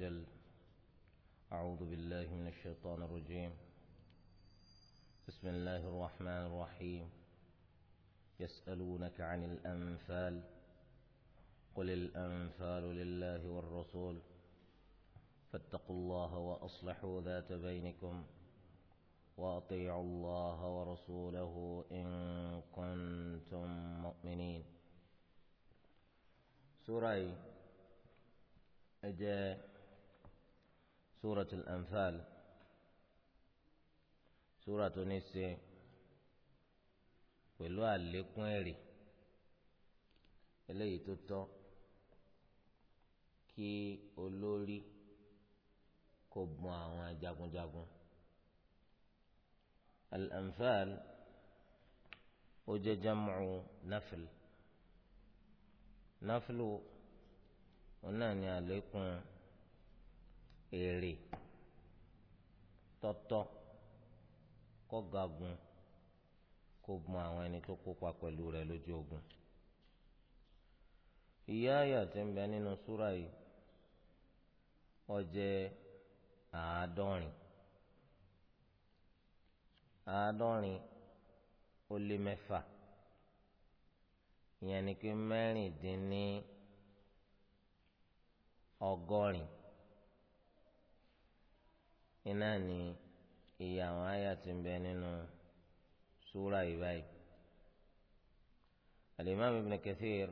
وجل أعوذ بالله من الشيطان الرجيم بسم الله الرحمن الرحيم يسألونك عن الأنفال قل الأنفال لله والرسول فاتقوا الله وأصلحوا ذات بينكم وأطيعوا الله ورسوله إن كنتم مؤمنين سورة أجا سورة الأنفال سورة tó ní ṣe pẹ̀lú àlékún ẹ̀rí eléyìí tó tọ́ kí olórí kó bùn àwọn jagunjagun al ó jẹ́ jam'u nafil nafilu ọ̀nà ni àlékún ẹ̀rí. èrè tọ́tọ́ kọ́gagun kó bùn àwọn ẹni tó kópa pẹ̀lú rẹ̀ lójú ogun. ìyá àyà tí ń bẹ nínú súrà yìí ó jẹ́ àádọ́rin àádọ́rin ó lé mẹ́fà ìyẹn ni pé mẹ́rìndínlẹ́ ọgọ́rin. iná ni iye àwọn àyà tí ń bẹ nínú súra yìí báyìí. alimami ibn kathir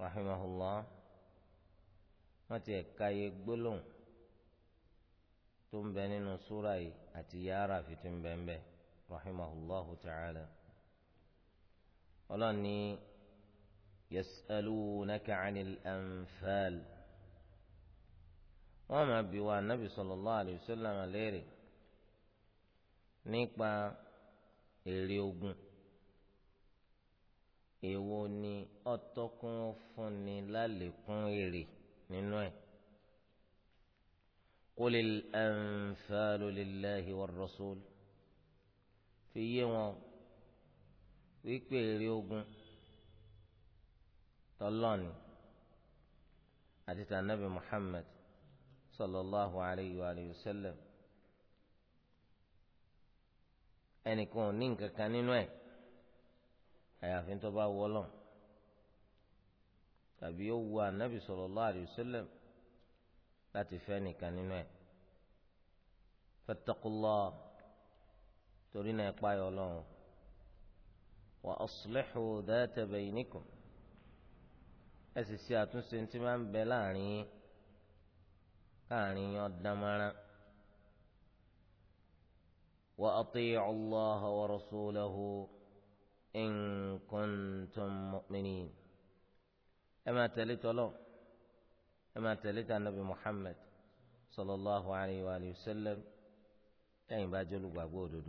rahimahullah wọ́n ti ẹ̀ka iye gbólóhùn tó ń bẹ nínú súra yìí àti yàrá fi tó ń bẹ ń bẹ rahimahullahu ta'ala. ọlọ́ni yasalunaka anil anfal wọ́n máa bi wa anabi sallallahu alayhi wa sallam léèrè nípa èrè ogun èwo ni ọtọkùn fúnni lálẹkùn èrè nínú ẹ̀ qulil anfalu lillahi war rasul fi yé wọn wípé èrè ogun tọlọ́ni àti tànàbì Muhammad. صلى الله عليه وآله وسلم أن يكون nǹkan kan nínú ẹ̀ àyàfi tó bá wọlọ tàbí ó wu anabi sallallahu alayhi wa sallam láti fẹ́ nìkan nínú ẹ̀ fattaqullah torí náà ẹ páyọ Ọlọ́run wa aslihu dhata baynikum ẹ sì ṣe àtúnṣe tí máa ń bẹ láàrin yín. آني yẹn ọ̀dàmọ́ràn. وأطيعوا الله ورسوله إن كنتم مؤمنين أما تلت له أما تلت النبي محمد صلى الله عليه وآله وسلم أين باجل بابودو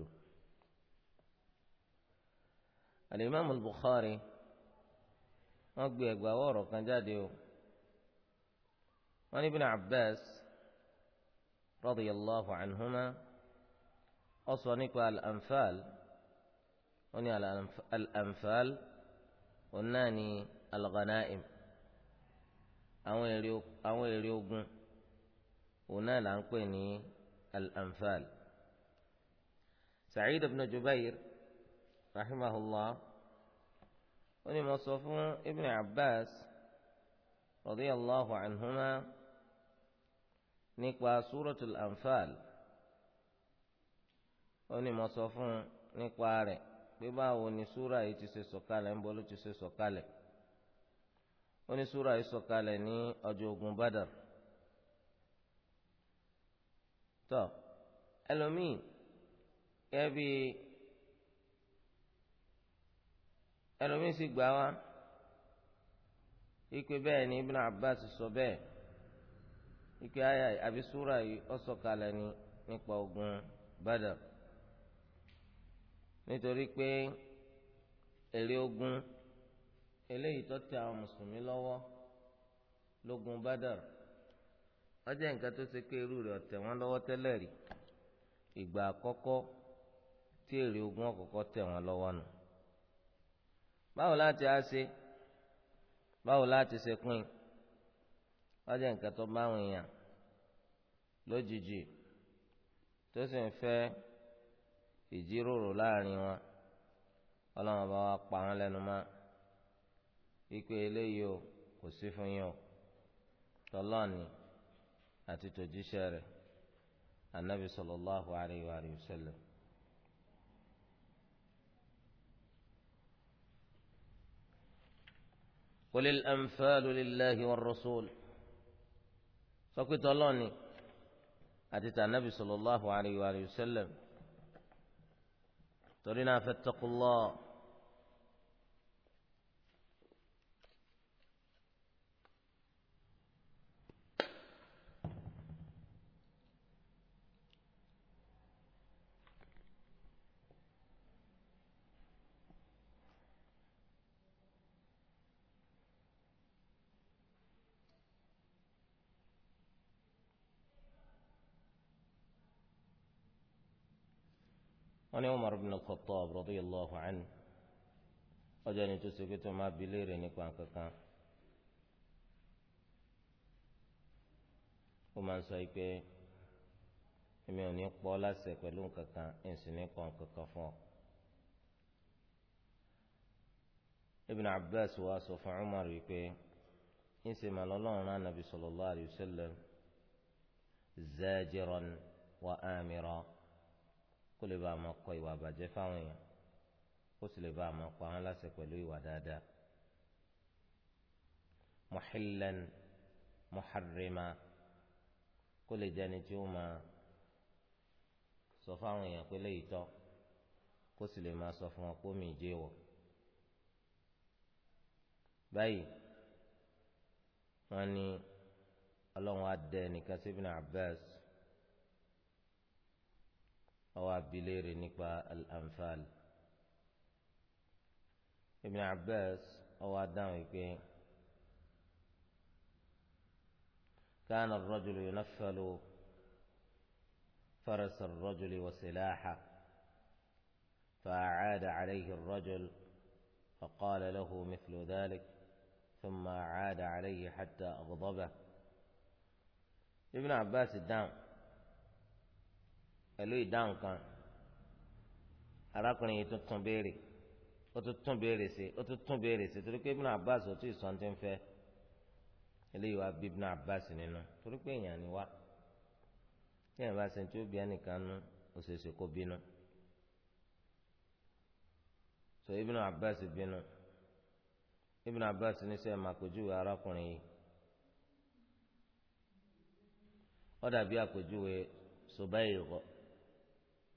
الإمام البخاري أقبل أقبل ورقا جاديو وعن ابن عباس رضي الله عنهما أصوانيكو الأنفال وني على الأنفال وناني الغنائم أو اليوب أو اليوب وناني الأنفال سعيد بن جبير رحمه الله وني مصوف ابن عباس رضي الله عنهما nípa suratul anfal ó ní mo sọ fún un nípa pé báwo ni súra yìí ti ṣe sọ̀kalẹ̀ ń bọ́ ló ti ṣe sọ̀kalẹ̀ ó ní yìí ní ogun badar tọ́ ẹlòmíì kẹ́bi ẹlòmíì sì gbà wá ikú ni Ibn Abbas sọ bẹ́ẹ̀. ike aya àbí súra yìí ó sọ̀kalẹ̀ ni nípa ogun Badr nítorí pé èrè ogun eléyìí tó tẹ àwọn mùsùlùmí lọ́wọ́ lógun Badr ó jẹ́ nǹkan tó ṣe pé irú rẹ̀ ọ̀tẹ̀ wọn lọ́wọ́ tẹ́lẹ̀ rí ìgbà àkọ́kọ́ tí ogun ọ̀kọ̀ọ̀kọ́ tẹ̀ wọn lọ́wọ́ nù báwo láti á báwo láti ṣe pín wọ́n jẹ́ nǹkan tó bá àwọn èèyàn lójijì tó sì ń fẹ́ ìjíròrò láàrin wọn ọlọ́run bá wa pa wọn lẹ́nu mọ́ ipe eléyìí o kò sí fún yín o tọ́lọ́ọ̀nì àti tòjíṣẹ́ rẹ̀ anabi sallallahu alayhi wa sallam. قل الأنفال لله والرسول sọ pé tọlọ́ọ̀ni àti tànàbì sallallahu alayhi wa sallam torí náà fattaqullah. wọn ní Umar ibn al-Khattab radiyallahu anhu ọjọ́ ni tó ṣe pé tó máa bi léèrè nípa kankan ó máa ń sọ pé èmi ò ní pọ́ láṣẹ pẹ̀lú kankan ẹ̀ sì ní kọ́ kankan fún ọ. Ibn Abbas wa sọ fún Umar wípé ń ṣe màá lọ́lọ́run rán nàbì sallallahu alayhi kó lè bá a máa kọ ìwà àbàjẹ́ fáwọn èèyàn kó sì lè bá a máa pa wọn láṣẹ pẹ̀lú ìwà dáadáa. muhillan muharrima kó lè jẹ́ni tí ó máa sọ fáwọn èèyàn pé léyìí tọ́ kó sì lè máa sọ fún wọn pé omi ìjẹ́ báyìí wọ́n ní ọlọ́run á dẹ nìkan sí Ibn Abbas. àwọn abiléèrè nípa al-anfal Ibn Abbas àwọn adáhùn ìpè كان الرجل ينفل فرس الرجل وسلاحه فأعاد عليه الرجل فقال له مثل ذلك ثم أعاد عليه حتى أغضبه ابن عباس الدام pẹ̀lú ìdáhùn kan arákùnrin yìí tún béèrè ó tún béèrè sí ó béèrè sí torí pé Ibn Abbas ò tún ìsọ̀n eléyìí wá bí Ibn Abbas nínú torí pé èèyàn ni wá tí èèyàn bá ṣe tí ó bí ẹnìkan nú ó ṣe é ṣe kó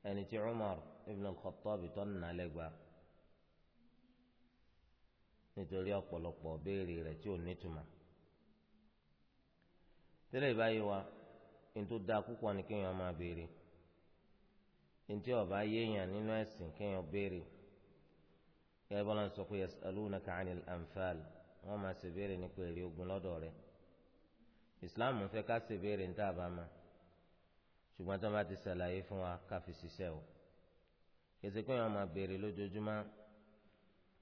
ẹni tí Umar ibn al-Khattab tó ń nà lẹ́gba nítorí ọ̀pọ̀lọpọ̀ béèrè rẹ̀ tí ò nítumọ̀ tẹ́lẹ̀ ìbáyé wa ntó da púpọ̀ ni kéèyàn máa béèrè ntí ọba yéèyàn nínú ẹ̀sìn kéèyàn béèrè kẹ́ẹ́ bọ́lá ń sọ pé yas'alunaka 'anil anfal wọ́n máa ṣèbéèrè nípa èrè ogun lọ́dọ̀ rẹ̀ Islam fẹ́ ká ṣèbéèrè níta àbámá ṣùgbọ́n tí wọ́n bá ti ṣàlàyé fún wa ká fi ṣiṣẹ́ o kèsì pé yọ́n máa béèrè lójoojúmọ́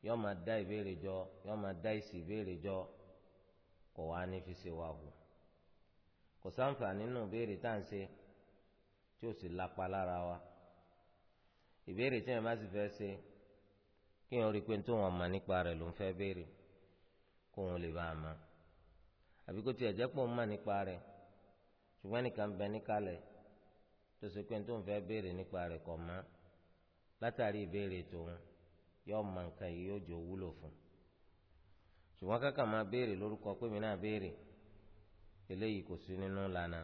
yọ́n máa dá ìbéèrè jọ yọ́n máa dá ìsì ìbéèrè jọ kò wá ní fi ṣe wa hù kò sáǹfà nínú ìbéèrè tá à ń ṣe tí ò sì lápa lára wa ìbéèrè tí yẹn bá sì fẹ́ ṣe kí yẹn rí i pé tó wọn mọ̀ nípa rẹ̀ ló ń fẹ́ béèrè kó wọn lè bá a mọ̀ àbí tiẹ̀ jẹ́ pọ̀ mọ̀ nípa rẹ̀ ṣùgbọ́n nìkan bẹ níkàlẹ̀ tó ṣe pé tó ń fẹ́ béèrè nípa rẹ̀ kọ̀ mọ́ látàrí ìbéèrè tòun yóò mọ nǹkan yìí yóò jọ wúlò fún ṣùgbọ́n kákà máa béèrè lórúkọ pé mi náà béèrè eléyìí kò sí nínú lànà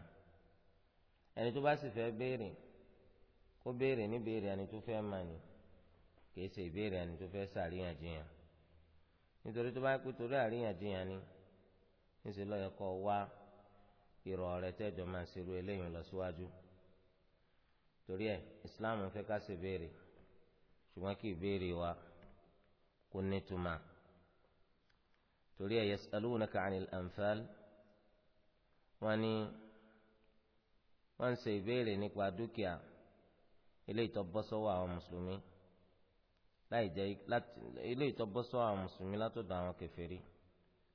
ẹni tó bá sì fẹ́ béèrè kó béèrè ní béèrè ẹni tó fẹ́ mà ní kìí ṣe ìbéèrè ẹni tó fẹ́ ṣàríyànjiyàn nítorí tó bá pé torí àríyànjiyàn ni níṣẹ́ lọ́yẹ̀kọ́ wá ìrọ̀ rẹ̀ tẹ́jọ́ máa ṣerú eléyìí lọ síwájú torí ẹ islam fẹ́ ká ṣe béèrè ṣùgbọ́n kì í béèrè wa kó nítumà torí ẹ yasalunaka anil anfal wọ́n ní wọ́n ń ṣe ìbéèrè nípa dúkìá eléyìí tó bọ́ sọ́wọ́ àwọn mùsùlùmí láì jẹ́ eléyìí tó bọ́ sọ́wọ́ àwọn mùsùlùmí látọ̀dọ̀ àwọn kèfèrí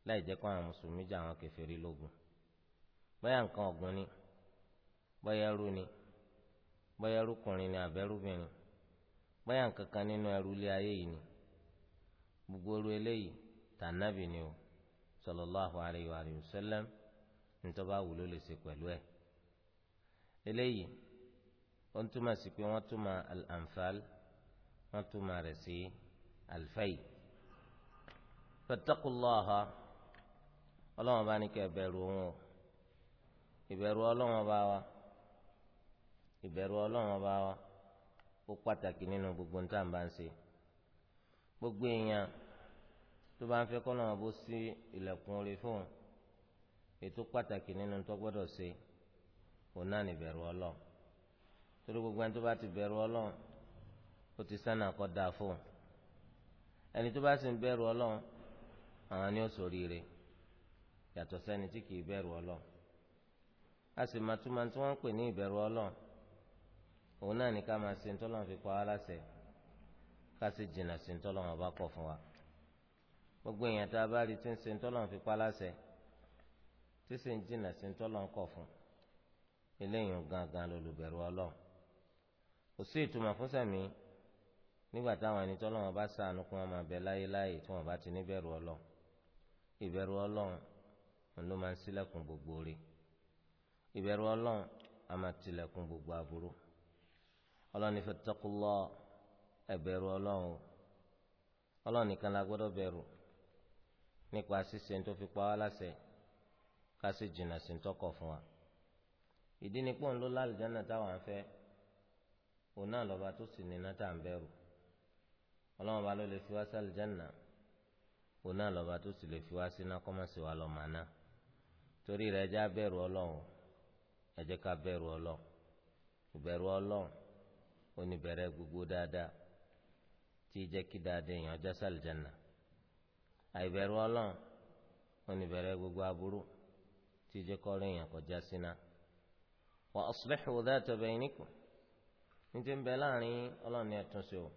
láì jẹ́ kó àwọn mùsùlùmí jẹ́ àwọn kèfèrí lógun bóyá nǹkan ọ̀gbun ni bóyá ẹrú ni bóyá ẹrúkùnrin ni àbẹ́rúbìnrin bóyá nǹkan kan nínú ẹrú ilé ayé yìí ni gbogbo oru eléyìí tànàbì ni o sallallahu alayhi wa sallam nítorí bá wù ló lè ṣe pẹ̀lú ẹ̀ eléyìí ó ń túmọ̀ sí pé wọ́n túmọ̀ al wọ́n túmọ̀ rẹ̀ sí al-fay ọlọ́wọ́n bá ní kẹ́ bẹ̀rù òun o ìbẹ̀rù ọlọ́wọ́n bá wa ìbẹ̀rù ọlọ́run ọba wa ó pàtàkì nínú gbogbo ní tàǹbà ń ṣe gbogbo èèyàn tó bá ń fẹ́ kọ́nà ọ̀bọ sí ilẹ̀kùn orí fóun ètò pàtàkì nínú tó gbọ́dọ̀ ṣe òun náà ní bẹ̀rù ọlọ́run torí gbogbo ẹni tó bá ti bẹ̀rù ọlọ́run ó ti sánà kọ́ dáa fóun ẹni tó bá sì ń bẹ̀rù ọlọ́run àwọn ni ó ṣoríire yàtọ̀ sẹ́ni tí kì í bẹ̀rù ọlọ́run a sì máa túmọ̀ tí wọ́n ń pè ní ìbẹ̀rù ọlọ́run òun náà ní ká máa ṣe ntọ́lọ́run fi pa wá láṣẹ ká sì jìnnà sí ntọ́lọ́run ọba kọ̀ fún wa gbogbo èèyàn tá a bá rí tí ń ṣe ntọ́lọ́run fi pa láṣẹ tí sì ń jìnnà sí ntọ́lọ́run kọ̀ fún eléyìí gangan lolùbẹ̀rù ọlọ́run kò sí ìtumọ̀ fún sẹ́mi nígbà táwọn ẹni tọ́lọ́run bá ṣàánú kí wọ́n máa bẹ láyé láyé tí wọ́n bá ti níbẹ̀rù ọlọ́run ìbẹ̀rù ọlọ́run òun ló máa ń ṣílẹ̀kùn gbogbo rẹ̀ ìbẹ̀rù ọlọ́run a máa tilẹ̀kùn gbogbo aburú ọlọ́ni fattaqullah ẹ̀bẹ̀rù ọlọ́run ọlọ́run nìkan la gbọ́dọ̀ bẹ̀rù nípa ṣíṣe tó fi pa wá láṣẹ ká sì jìnnà sí tọkọ̀ fún wa ìdí ni pọ́n ló lálùjáná táwọn ń fẹ́ òun náà lọ́ba tó sì ní náà tá à ń bẹ̀rù ọlọ́run bá ló lè fi wá sí òun náà lọ́ba tó sì lè fi wá sí náà wa lọ́ọ́ màá náà torí rẹ̀ ẹ jẹ́ ọlọ́run ẹ ká bẹ̀rù ọlọ́run ìbẹ̀rù ọlọ́run oníbẹ̀rẹ̀ gbogbo dáadáa tí jẹ́ kí dáadáa èèyàn já sàlìjánà àìbẹ̀rù ọlọ́run oníbẹ̀rẹ̀ gbogbo aburú tí jẹ́ kọ́rin èèyàn kọjá síná. wa aslihu dhata baynikum ní ti ń bẹ láàrin ọlọ́run ní ẹ̀túnṣe o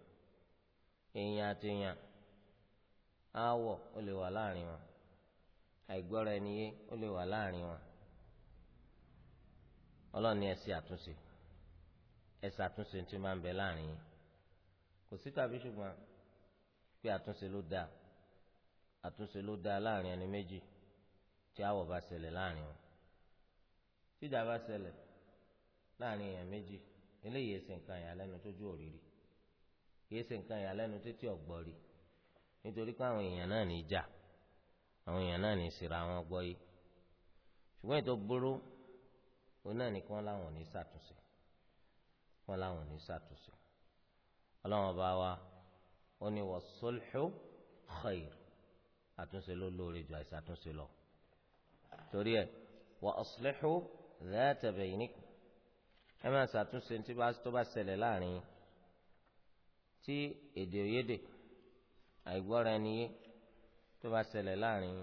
èèyàn àti èèyàn aáwọ̀ ó lè wà láàrin wọn àìgbọ́ra ẹni yé ó lè wà láàrin wọn ọlọ́run ní ẹ àtúnṣe ẹ ṣàtúnṣe tí máa ń bẹ láàrin yín kò sí tàbí ṣùgbọ́n pé àtúnṣe ló dáa àtúnṣe ló dáa láàrin ẹni méjì tí àwọ̀ bá ṣẹlẹ̀ láàrin wọn tíjà bá ṣẹlẹ̀ láàrin èèyàn méjì eléyìí èsì nǹkan ìyàlẹ́nu tójú òrìrì èsì nǹkan ìyàlẹ́nu títí ọ̀gbọ́rì nítorí pé àwọn èèyàn náà ní jà àwọn èèyàn náà ní ìsira wọn gbọ́ yìí ṣùgbọ́n ètò gbóró òun náà nìkan láwọn ò ní ṣàtúnṣe wọn làwọn ò ní ṣàtúnṣe ọlọ́wọ́n bá wa ó ní was-sulhu khair àtúnṣe ló lóore ju àìsàtúnṣe lọ torí ẹ wa aslihu dhata baynikum ẹ máa ṣàtúnṣe tó bá ṣẹlẹ̀ láàrin yín tí èdè òyédè àìgbọ́ra ẹni yé tó bá ṣẹlẹ̀ láàrin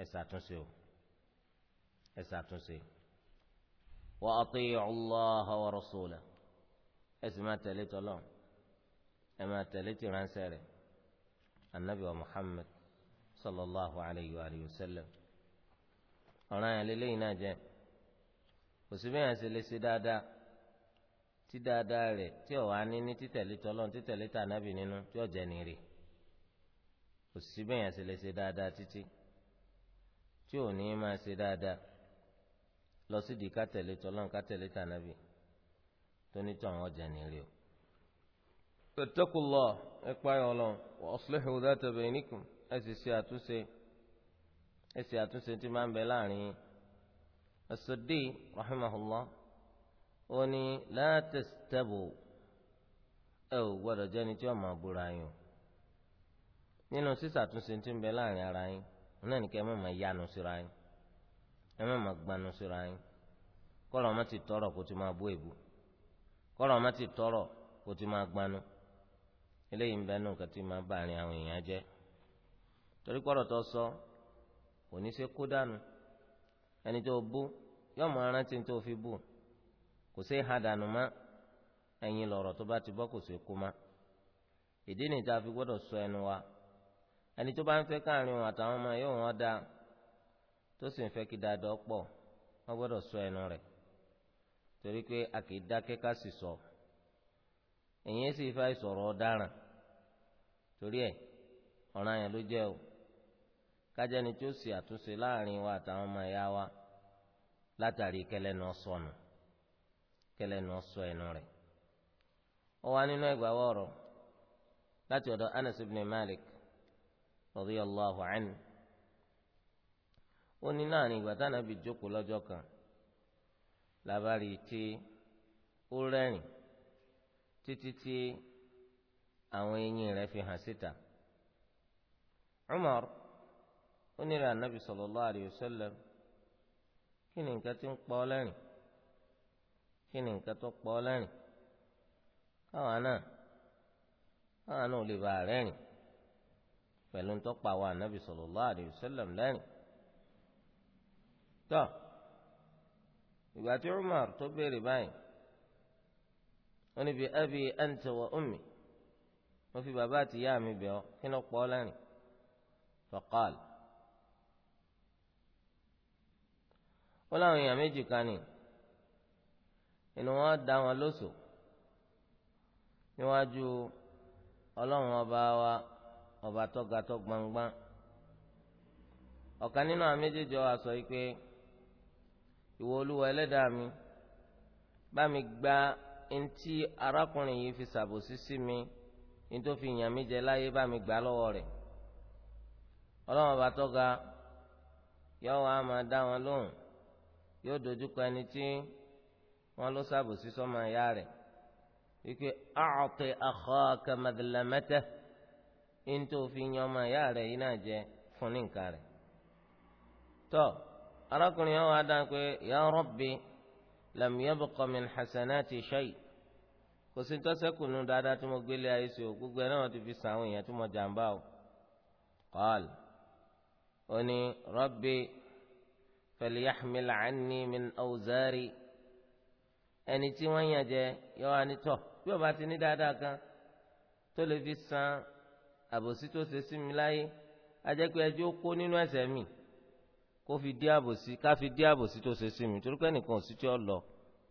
ẹ ṣàtúnṣe o ẹ ṣàtúnṣe wa ati'u Allah wa rasulahu. ẹ sì máa tẹ̀lé tọ́lọ́ ẹ máa ti ránṣẹ́ rẹ̀ anabi wa muhammed sallallahu alayhi wa sallam ọ̀ràn yẹn lélẹ́yìn náà jẹ́ kò sí ṣe lè ṣe dáadáa tí dáadáa rẹ̀ tí ò ní ní títẹ̀lé tọ́lọ́ títẹ̀lé tà nábì nínú tí ò jẹ́ nìrè kò sí ṣe lè ṣe dáadáa títí tí ò ní di ká tẹ̀lé ká tẹ̀lé tà tónítọ̀hún ọjà nílé o. ittaqullah ẹ páyọ̀ ọlọ́run wa aslihu dhata bainikum ẹ sì ṣe àtúnṣe ẹ sì àtúnṣe tí máa ń bẹ láàrin ó ní ẹ ò tí máa búra yín o nínú sísàtúnṣe tí ń bẹ láàrin ara yín náà ní tọrọ kó ti máa kọ́rọ̀ má ti tọrọ kó ti máa gbanú eléyìí ń bẹ nù kàtí máa bá àárín àwọn èèyàn jẹ́ torí kọ́rọ̀ tó sọ kò ní í ṣe kó dànù ẹni tó bú yóò mọ arántí tó fi bù kò sí ha dànù má lọ̀rọ̀ tó bá ti bọ́ kò kó má sọ ẹnu wa ẹni tó bá ń fẹ́ káàrin òun àtàwọn ọmọ yóò wọ́n tó ẹnu rẹ̀ torí pé a kì í dákẹ́ ká sì sọ èyí sì fà ìsọ̀rọ̀ ọ̀daràn torí ẹ̀ ọ̀ràn yẹn ló jẹ́ o kájẹni tí ó sì àtúnṣe láàrin wa àtàwọn ọmọ ẹ̀yà wa látàrí kẹlẹ́nu ọ̀sọ̀nù kẹlẹ́nu ọ̀sọ̀ ẹnu rẹ̀ ó wá nínú ẹgbàá ọ̀rọ̀ láti ọ̀dọ̀ Anas ibn Malik allah anhu ó ní láàrin ìgbà na ẹbí jókòó lọ́jọ́ kan. labari tí ó rẹ́rìn títí tí àwọn eyín rẹ̀ fi hàn síta Umar ó nílò anabi sallallahu alayhi wa sallam kí ni nǹkan tí ń pọ̀ lẹ́rìn kí ni nǹkan tó pọ̀ lẹ́rìn káwọn náà káwọn náà ò lè bá a rẹ́rìn pẹ̀lú ń tọ́pọ̀ àwọn anabi sallallahu alayhi lẹ́rìn tó ìgbà tí Umar tó béèrè báyìí wọ́n ní bi abi anta wa ummi wọ́n fi bàbá àti ìyá mi bẹ̀ ọ́ kí ni ó pọ̀ lẹ́rìn faqal wọ́n láwọn èèyàn méjì kan ní inú wọn dá wọn lóṣù níwájú ọlọ́run ọba wa ọba tó gbangban ọ̀kan nínú àwọn méjèèjì wa sọ yìí pé ìwọ olúwa ẹlẹ́dàá mi bá mi gba ntí arákùnrin yìí fi ṣàbòsí sí mi nítorí fi yàn mí jẹ láyé bá mi gbà lọ́wọ́ rẹ̀ ọlọ́run ọba tọ́ga yóò wá máa dá wọn lóhùn yóò dojúkọ ẹni tí wọn ló ṣàbòsí sọ́mọ ìyá rẹ̀ wípé a'ti akhaka madlamata nítorí fi yàn rẹ̀ yìí náà jẹ fún ní nǹkan rẹ̀ tọ́. So, arákùnrin yẹn wàá dáhùn pé ya Rabbi lam yabqa min hasanati shay kò sí tọ́sẹ̀kùnú dáadáa tí mo gbélé ayé sí o gbogbo ẹ̀ náà ti fi sàn àwọn èèyàn tí mo jàǹbá o qal ó ní Rabbi falyahmil anni min awzari ẹni tí wọ́n yàn jẹ yọ wá ní tọ̀ bí o bá ti ní dáadáa kan tó lè fi san àbòsí tó ṣe sí mi láyé ajẹ́ pé ẹjọ́ kó nínú ẹ̀ṣẹ̀ mi kó fi dí àbòsí ká fi dí àbòsí tó ṣe sí mi torí pé nìkan ò sí tí ó lọ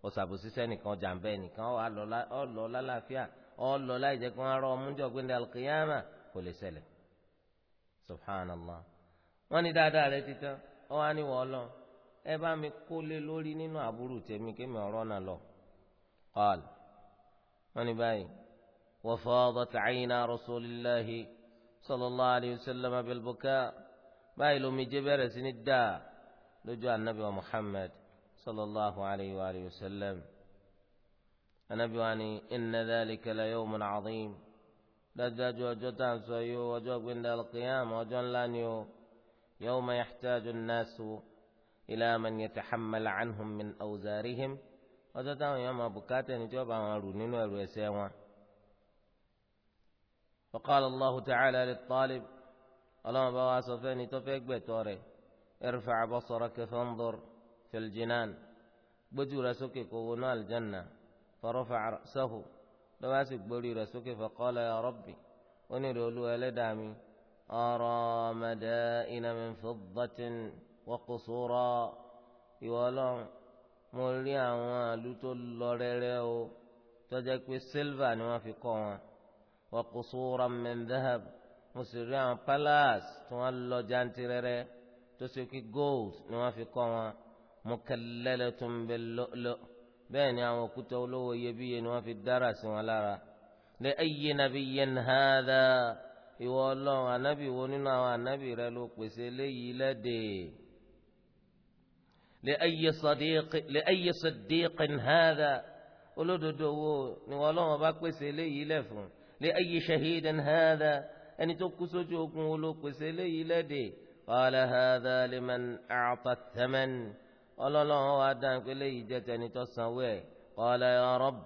ọ̀sàbòsí sẹ́nìkan jàǹbẹ́ nìkan ọ̀ lọ lálàáfíà ọ̀ lọ láì jẹ́ kí wọ́n rọ ọmú jọ gbẹ́ndé alkiyama kò lè ṣẹlẹ̀ subhanallah wọ́n ní dáadáa rẹ títán ọ wá níwọ̀ ọ lọ ẹ bá mi kó lé lórí nínú àbúrò tèmi kémi ọ̀rọ̀ náà lọ. qal wọ́n ní báyìí wafadat ayna rasulillahi sallallahu alayhi wa sallam báyìí jẹ bẹ̀rẹ̀ sí ní dà lójú anabi wa muhammad sallallahu alayhi wa alayhi wa sallam anabi wa ni inna dhalika la yawmun azim dájúdájú ọjọ́ tá à ń sọ yìí ọjọ́ gbẹ̀ndẹ̀ alqiyam ọjọ́ ńlá ni o yawma yahtaju an-nasu ila man yatahammal anhum min awzarihim ọjọ́ táwọn èèyàn ma bùkátà ni tí wọ́n bá wọn rù nínú ẹrù ẹ̀ṣẹ̀ wọn. wa qala allahu ta'ala lit ọlọ́run bá wa sọ fẹ́ni tó fẹ́ gbẹ̀tọ́ rẹ̀ irfa' basaraka fanzur fil jinan gbójú rẹ̀ sókè kó wọnú aljanna farafa'a ra'sahu lọ́wọ́ sì gbórí rẹ̀ sókè faqala ya rabbi ó ní ìrọ̀lú ẹlẹ́dàá mi ara madaina min fiddatin wa ìwọ ọlọ́run mo rí àwọn àlù tó lọ rẹ́rẹ́ o tó pé sílvà ni wọ́n fi kọ́ wọn wa qusuran mo sì rí àwọn palace tí wọ́n lọ jantirẹrẹ tó ṣe kí gold ni wọ́n fi kọ́ wọn mukallalatun bil-lu'lu' bẹ́ẹ̀ ni àwọn òkúta olówó iyebíye ni wọ́n fi dára sí wọn lára li ayyi nabiyyin hadha ìwọ ọlọ́run ànábì wo nínú àwọn ànábì rẹ ló pèsè eléyìí lẹ́dẹ̀ẹ́ li ayyi sadiq li ayyi olódodo wo ni ọlọ́run bá pèsè eléyìí lẹ̀ fún li ayyi shahidin hadha ẹni tó kú sójú ogun wo ló pèsè eléyìí lẹ́dẹ̀ qala hadha liman a'ta thaman ọlọ́lọ́run wa dáhùn pé eléyìí jẹ́ tẹni tó sanwó ẹ̀ qala ya rabb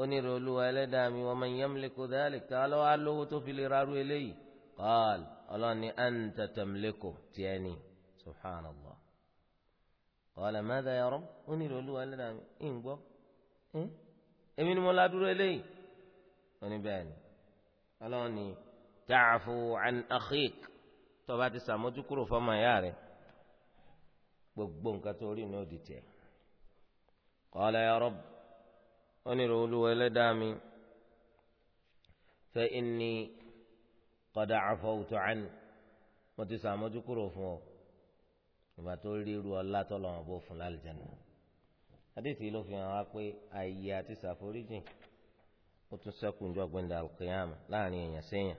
onírè olúwa ẹlẹ́dàá mi wa man yamliku dhalika alọ́wọ́ alówó tó fi lè rárú eléyìí qala ọlọ́ni anta tamliku tiẹ̀ ni subhanallah qala madha ya rabb ẹlẹ́dàá mi ìǹgbọ́ ta'fu an akhik tó bá ti sàmójúkúrò fọmọ ìyá rẹ gbogbo nǹkan tó rí ni ó di tiẹ̀. qala ya rabb ó ní ìrọ̀lú ẹlẹ́dàá mi fa inni qad afawtu an mo ti sàmójúkúrò fún ọ ìgbà tó rí irú ọlá tó lọ́wọ́ bó fún lálùjáná. hadith ló fi hàn wá pé àyè àti sàforíjìn ó tún sẹ́kù ń jọ gbẹ̀ndà al-qiyama láàrin èèyàn séèyàn.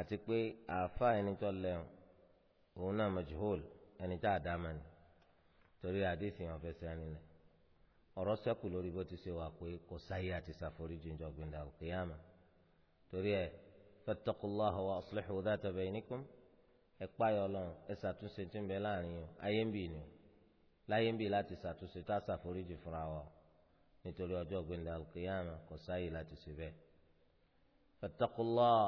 àti pé àáfà ẹni tó lẹ́hùn òun náà majhul ẹni tá a dá mà ní torí àdéhìí hàn fẹsẹ̀ ẹni lẹ̀ ọ̀rọ̀ sẹ́kù lórí bó ti ṣe wà pé kò sáyé àti ṣàforíjì ń jọgbìn dà òkè yàmà torí ẹ e, fattaqullaha wa aslihu dhata bainikum ẹ páyọ̀ ọlọ́run ẹ ṣàtúnṣe tí ń láàrin yìí ayé ń bì ni láyé ń bì láti ṣàtúnṣe tá a ṣàforíjì fúnra wa nítorí ọjọ́ ògbìn òkè yàmà kò sáyé láti ṣe bẹ́ẹ̀ fattaqullaha.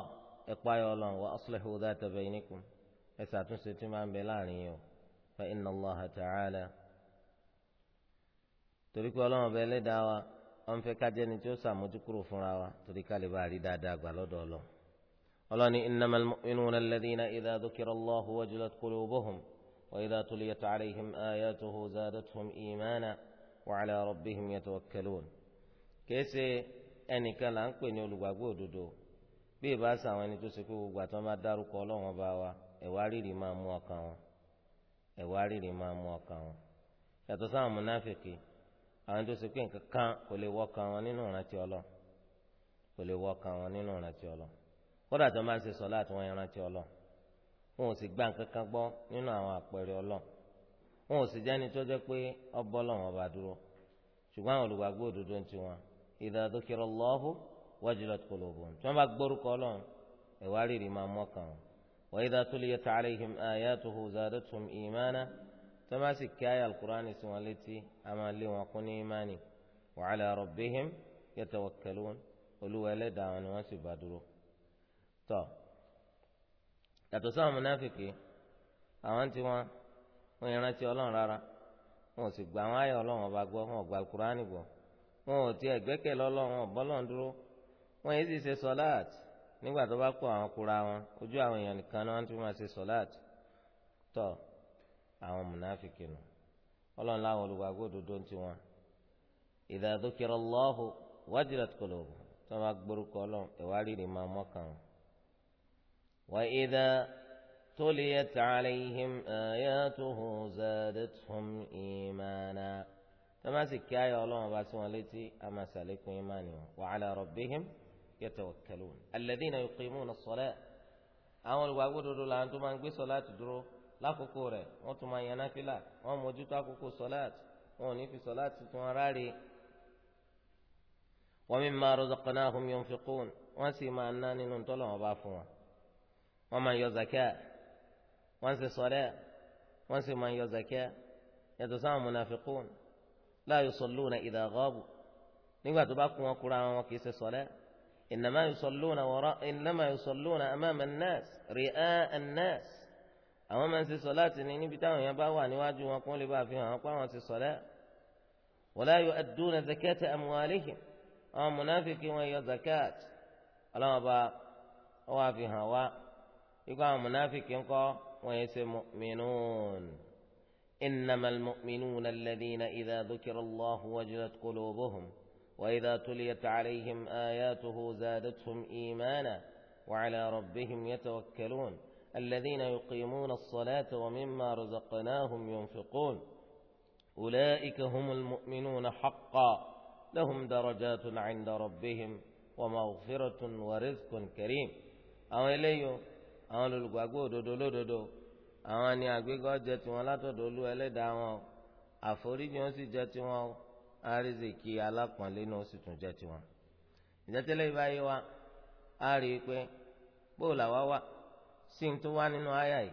ìpayọ Ọlọ́run wa aslihu dhata bainikum ẹ ṣàtúnṣe tí máa ń bẹ láàrin yìí o fa inna Allaha ta'ala torí pé Ọlọ́run ọbẹ Ẹlẹ́dàá wa wọ́n fẹ́ ká jẹ́ni tí ó ṣàmójúkúrò fúnra wa torí ká lè bá a rí dáadáa gbà lọ́dọ̀ Ọlọ́run Ọlọ́run ní innamal mu'minuna alladhina idha dhukira Allahu wajilat qulubuhum wa idha tuliyat alayhim ayatuhu zadatuhum imana wa ala rabbihim yatawakkalun kèése ẹnìkan là ń pè ní olùgbàgbọ́ òdodo bí ìbá sàwọn ẹni tó ṣe pé gbogbo àtọ́ máa dárúkọ ọlọ́run ọba wa ẹ̀wá rírì máa mú ọkàn wọn ẹ̀wá rírì máa mú ọkàn wọn yàtọ̀ sáwọn múnáfìkì àwọn tó ṣe pé nǹkan kan kò lè wọ́kàn wọn nínú ìrántí ọlọ́run kò lè wọ́kàn wọn nínú ìrántí ọlọ́run kódà tó máa ń ṣe sọlá àti wọn ìrántí ọlọ́run wọn ò sì gbá nǹkan kan gbọ́ nínú àwọn àpẹẹrẹ ọlọ́run wọn ò sì jẹ́ni tó jẹ́ pé ọbọ̀ ọlọ́run ọba dúró ṣùgbọ́n àwọn olùgbàgbọ́ òdodo ń tiwọn idha dhukira Allahu wajilat qulubuhum tí wọ́n bá gbórúkọ ọlọ́run ẹ̀wá rírì máa mọ́kàn wọn. wa idha tuliyat alayhim ayatuhu zadatuhum imana tí wọ́n bá sì kí ayé alukur'ani sí wọn létí a máa lé wọn kún ní imani wa ala rabbihim yatawakkalun olúwa ẹlẹ́dàá wọn ni wọ́n sì bá dúró. yàtọ̀ sáwọn munafiki àwọn tí wọ́n wọ́n yẹn rántí ọlọ́run rárá wọn ò sì gbà wọn ayọ̀ ọlọ́run ọba gbọ́ wọn ò gbà alukur'ani gbọ́ wọn ò tiẹ̀ gbẹ́kẹ̀lé ọlọ́run ọ̀bọ́lọ́run dúró wọ́n yìí sì ṣe sọ́láàt nígbà tó bá kó àwọn kura wọn ojú àwọn èèyàn nìkan ni wọ́n ti máa ṣe sọ́láàt tọ́ àwọn mùnáfìkì nù ọlọ́run láwọn olùgbàgbọ́ òdodo ti wọn idha dhukira Allahu wajilat qulubuhum tó máa gbórúkọ ọlọ́run ẹ̀wá rírì máa mọ́kàn wọn. wa idha tuliyat alayhim ayatuhu zadatuhum imana tó máa sì kí ayọ̀ ọlọ́run bá sí wọn létí àmàṣàlékún ìmánì wọn wa ala rabbihim yatawakkalun alladhina yuqimuna as-salat àwọn olùwàgbọ́ dodo làwọn tó máa ń gbé sọláàtì dúró lákòókò rẹ̀ wọ́n tún máa yan náfìlà wọ́n mójútó àkókò sọláàtì wọn ò ní fi sọláàtì tún ara rè wa mimma razaqnahum yunfiqun wọ́n sì máa ná nínú tọ́lọ̀ wọn bá fún wọn wọ́n máa yọ zakia wọ́n sì sọlẹ́ wọ́n sì máa yọ zakia yàtọ̀ sáwọn munafiqun la yusalluna idha ghabu nígbà tó bá kú wọn kúra wọn kì í ṣe sọlẹ́ إنما يصلون وراء إنما يصلون أمام الناس رئاء الناس àwọn máa ń ṣe sọlá tì ní níbi táwọn èèyàn bá wà níwájú wọn kún lè bá fi hàn pé àwọn ti sọlá wala yu'adduna zakata amwalihim àwọn mùnáfíkì wọn yọ zakat ọlọ́wọ́n bá wọ́n wá fi hàn wá ikú àwọn mùnáfíkì ńkọ́ wọ́n yẹn ṣe mu'minun innamal mu'minuna alladhina idha dhukira Allahu wajilat qulubuhum. وإذا تليت عليهم آياته زادتهم إيمانا وعلى ربهم يتوكلون الذين يقيمون الصلاة ومما رزقناهم ينفقون أولئك هم المؤمنون حقا لهم درجات عند ربهم ومغفرة ورزق كريم àwọn eléyìí àwọn olùgbàgbọ́ òdodo lódodo àwọn ni àgbégọ́ jẹ tiwọn látọ̀dọ̀ olú ẹlẹ́dàá wọn àforíjì wọn sì jẹ tiwọn o àrísìkí alápọ̀nlé náà sì tún jẹ́ tiwọn. ìjẹ́tẹ́lẹ́ ìbáyé wa a rí i pé bóòlù àwa wà sí ń tún wá nínú àyà yìí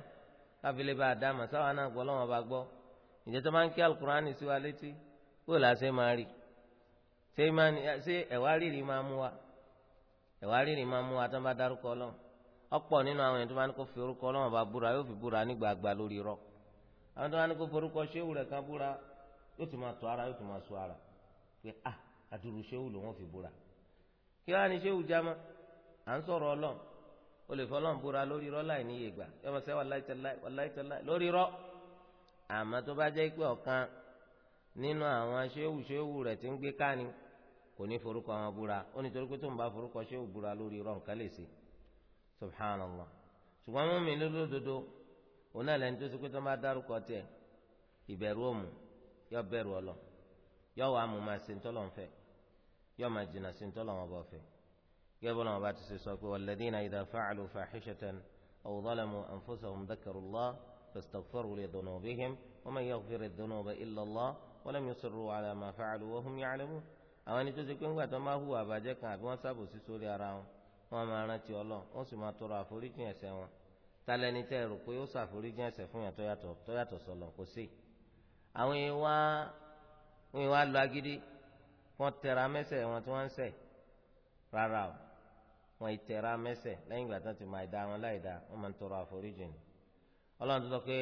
káfílẹ̀ bá a dá mà sáwọn náà gbọ́ lọ́wọ́ bá gbọ́ ìjẹ́ tó máa ń kí alukurani sí wa létí bóòlù àṣẹ máa rí ṣé ẹ̀wá rírì máa mú wa ẹ̀wá rírì máa mú wa tó ń bá dárúkọ ọlọ́run ọ̀pọ̀ nínú àwọn èèyàn tó máa ń kó fi orúkọ ọlọ́run bá búra yóò fi búra nígbàgbà lórí rọ àwọn tó máa ń kó forúkọ ṣéwù rẹ̀ kan búra yóò tún máa tọ́ ara yóò tún máa sọ ara pé a ah, àdúrú ṣéwù ló wọ́n fi búra kí wàá ní ṣéwù jámá à ń sọ̀rọ̀ ọlọ́run o lè fọlọ́run búra lórí irọ́ láì níye gbà yọmọ sẹ́ wàláì tẹ́láì wàláì tẹ́láì lórí irọ́ àmọ́ tó bá jẹ́ pé ọ̀kan nínú àwọn ṣéwù ṣéwù rẹ̀ ti ń gbé káni kò ní forúkọ wọn búra ó ní torí pé tó ń bá forúkọ ṣéwù búra lórí irọ́ nǹkan lè ṣe subhanallah ṣùgbọ́n mú mi lódodo òun náà lẹni tó ṣe pé tó ń bá dárúkọ tẹ̀ ìbẹ̀rù òmù yọ bẹ̀rù ọlọ yọ wàá mú máa ṣe ntọ́lọ̀ nfẹ́ yọ máa jìnnà ṣe ntọ́lọ̀ wọn bọ̀ fẹ́ yọ bọ́lá wọn bá ti ṣe sọ pé walladhina idha fa'alu fahishatan aw zalamu anfusahum dhakarullah fastaghfiru li dhunubihim wa man yaghfiru dhunuba illa Allah wa lam yusirru ala ma fa'alu wa hum ya'lamun àwọn ẹni tó ṣe pé ńgbà tó máa hùwà àbàjẹ́ kan àbí wọ́n sábòsí sórí ara wọn wọ́n máa rántí Ọlọ́run wọ́n sì máa tọrọ àforíjì ẹ̀ṣẹ̀ wọn tálẹ́ni àwọn yẹn wá wọn yẹn wá lọ agídí wọn tẹra mẹsẹ wọn tí wọn ń ṣe rárá o wọn yìí tẹra mẹsẹ lẹ́yìn ìgbà tán ti máa da wọn láì da wọn máa ń tọrọ àforíjì ni Ọlọ́run tó sọ pé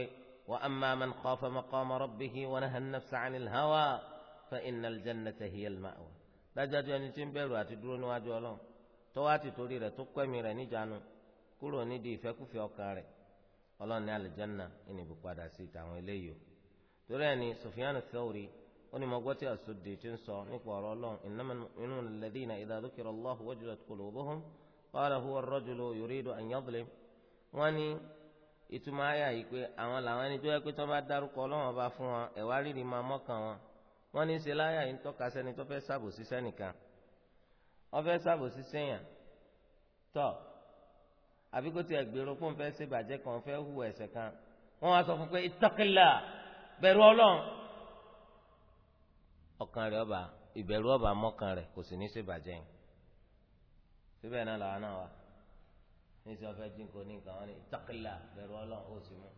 wa amma man khafa maqama rabbihi wa nahan nafsa 'anil hawa fa innal jannata hiyal ma'wa dájájú ẹni tí ń bẹ̀rù àti dúró níwájú Ọlọ́run tọ́wá ti torí rẹ̀ tó kọ́ ẹ̀mí níjànú kúrò nídìí ìfẹ́kùfẹ́ ọkàn rẹ̀ Ọlọ́run ní àlùjánnà ìnìbùpadà torí ẹni Sufyan Thawri ó ní mọ̀gbọ́n tí As-Suddi ti ń sọ nípa ọ̀rọ̀ ọlọ́run innamal mu'minuna alladhina idha dhukira Allahu wajilat qulubuhum qala huwa ar-rajulu yuridu an yadhlim wọ́n ní ìtumọ̀ ayé yìí pé àwọn làwọn ẹni tó yẹ pé tó bá dárúkọ ọlọ́run ọba fún wọn ẹ̀wá rírì máa mọ́kàn wọn wọ́n ní ṣe láyà yìí ń tọ́ka sẹ́ni tó fẹ́ ṣàbòsí sẹ́nìkan kan wọ́n wá sọ bẹ̀rù ọlọ́run ọkàn rẹ̀ ọba ìbẹ̀rù ọba mọ́kàn rẹ̀ kò sì ní ṣe bàjẹ́ yìí síbẹ̀ náà làwọn náà wà ní sọ fẹ́ dín kò ní nǹkan wọn ni taqilla bẹ̀rù ọlọ́run ó sì mú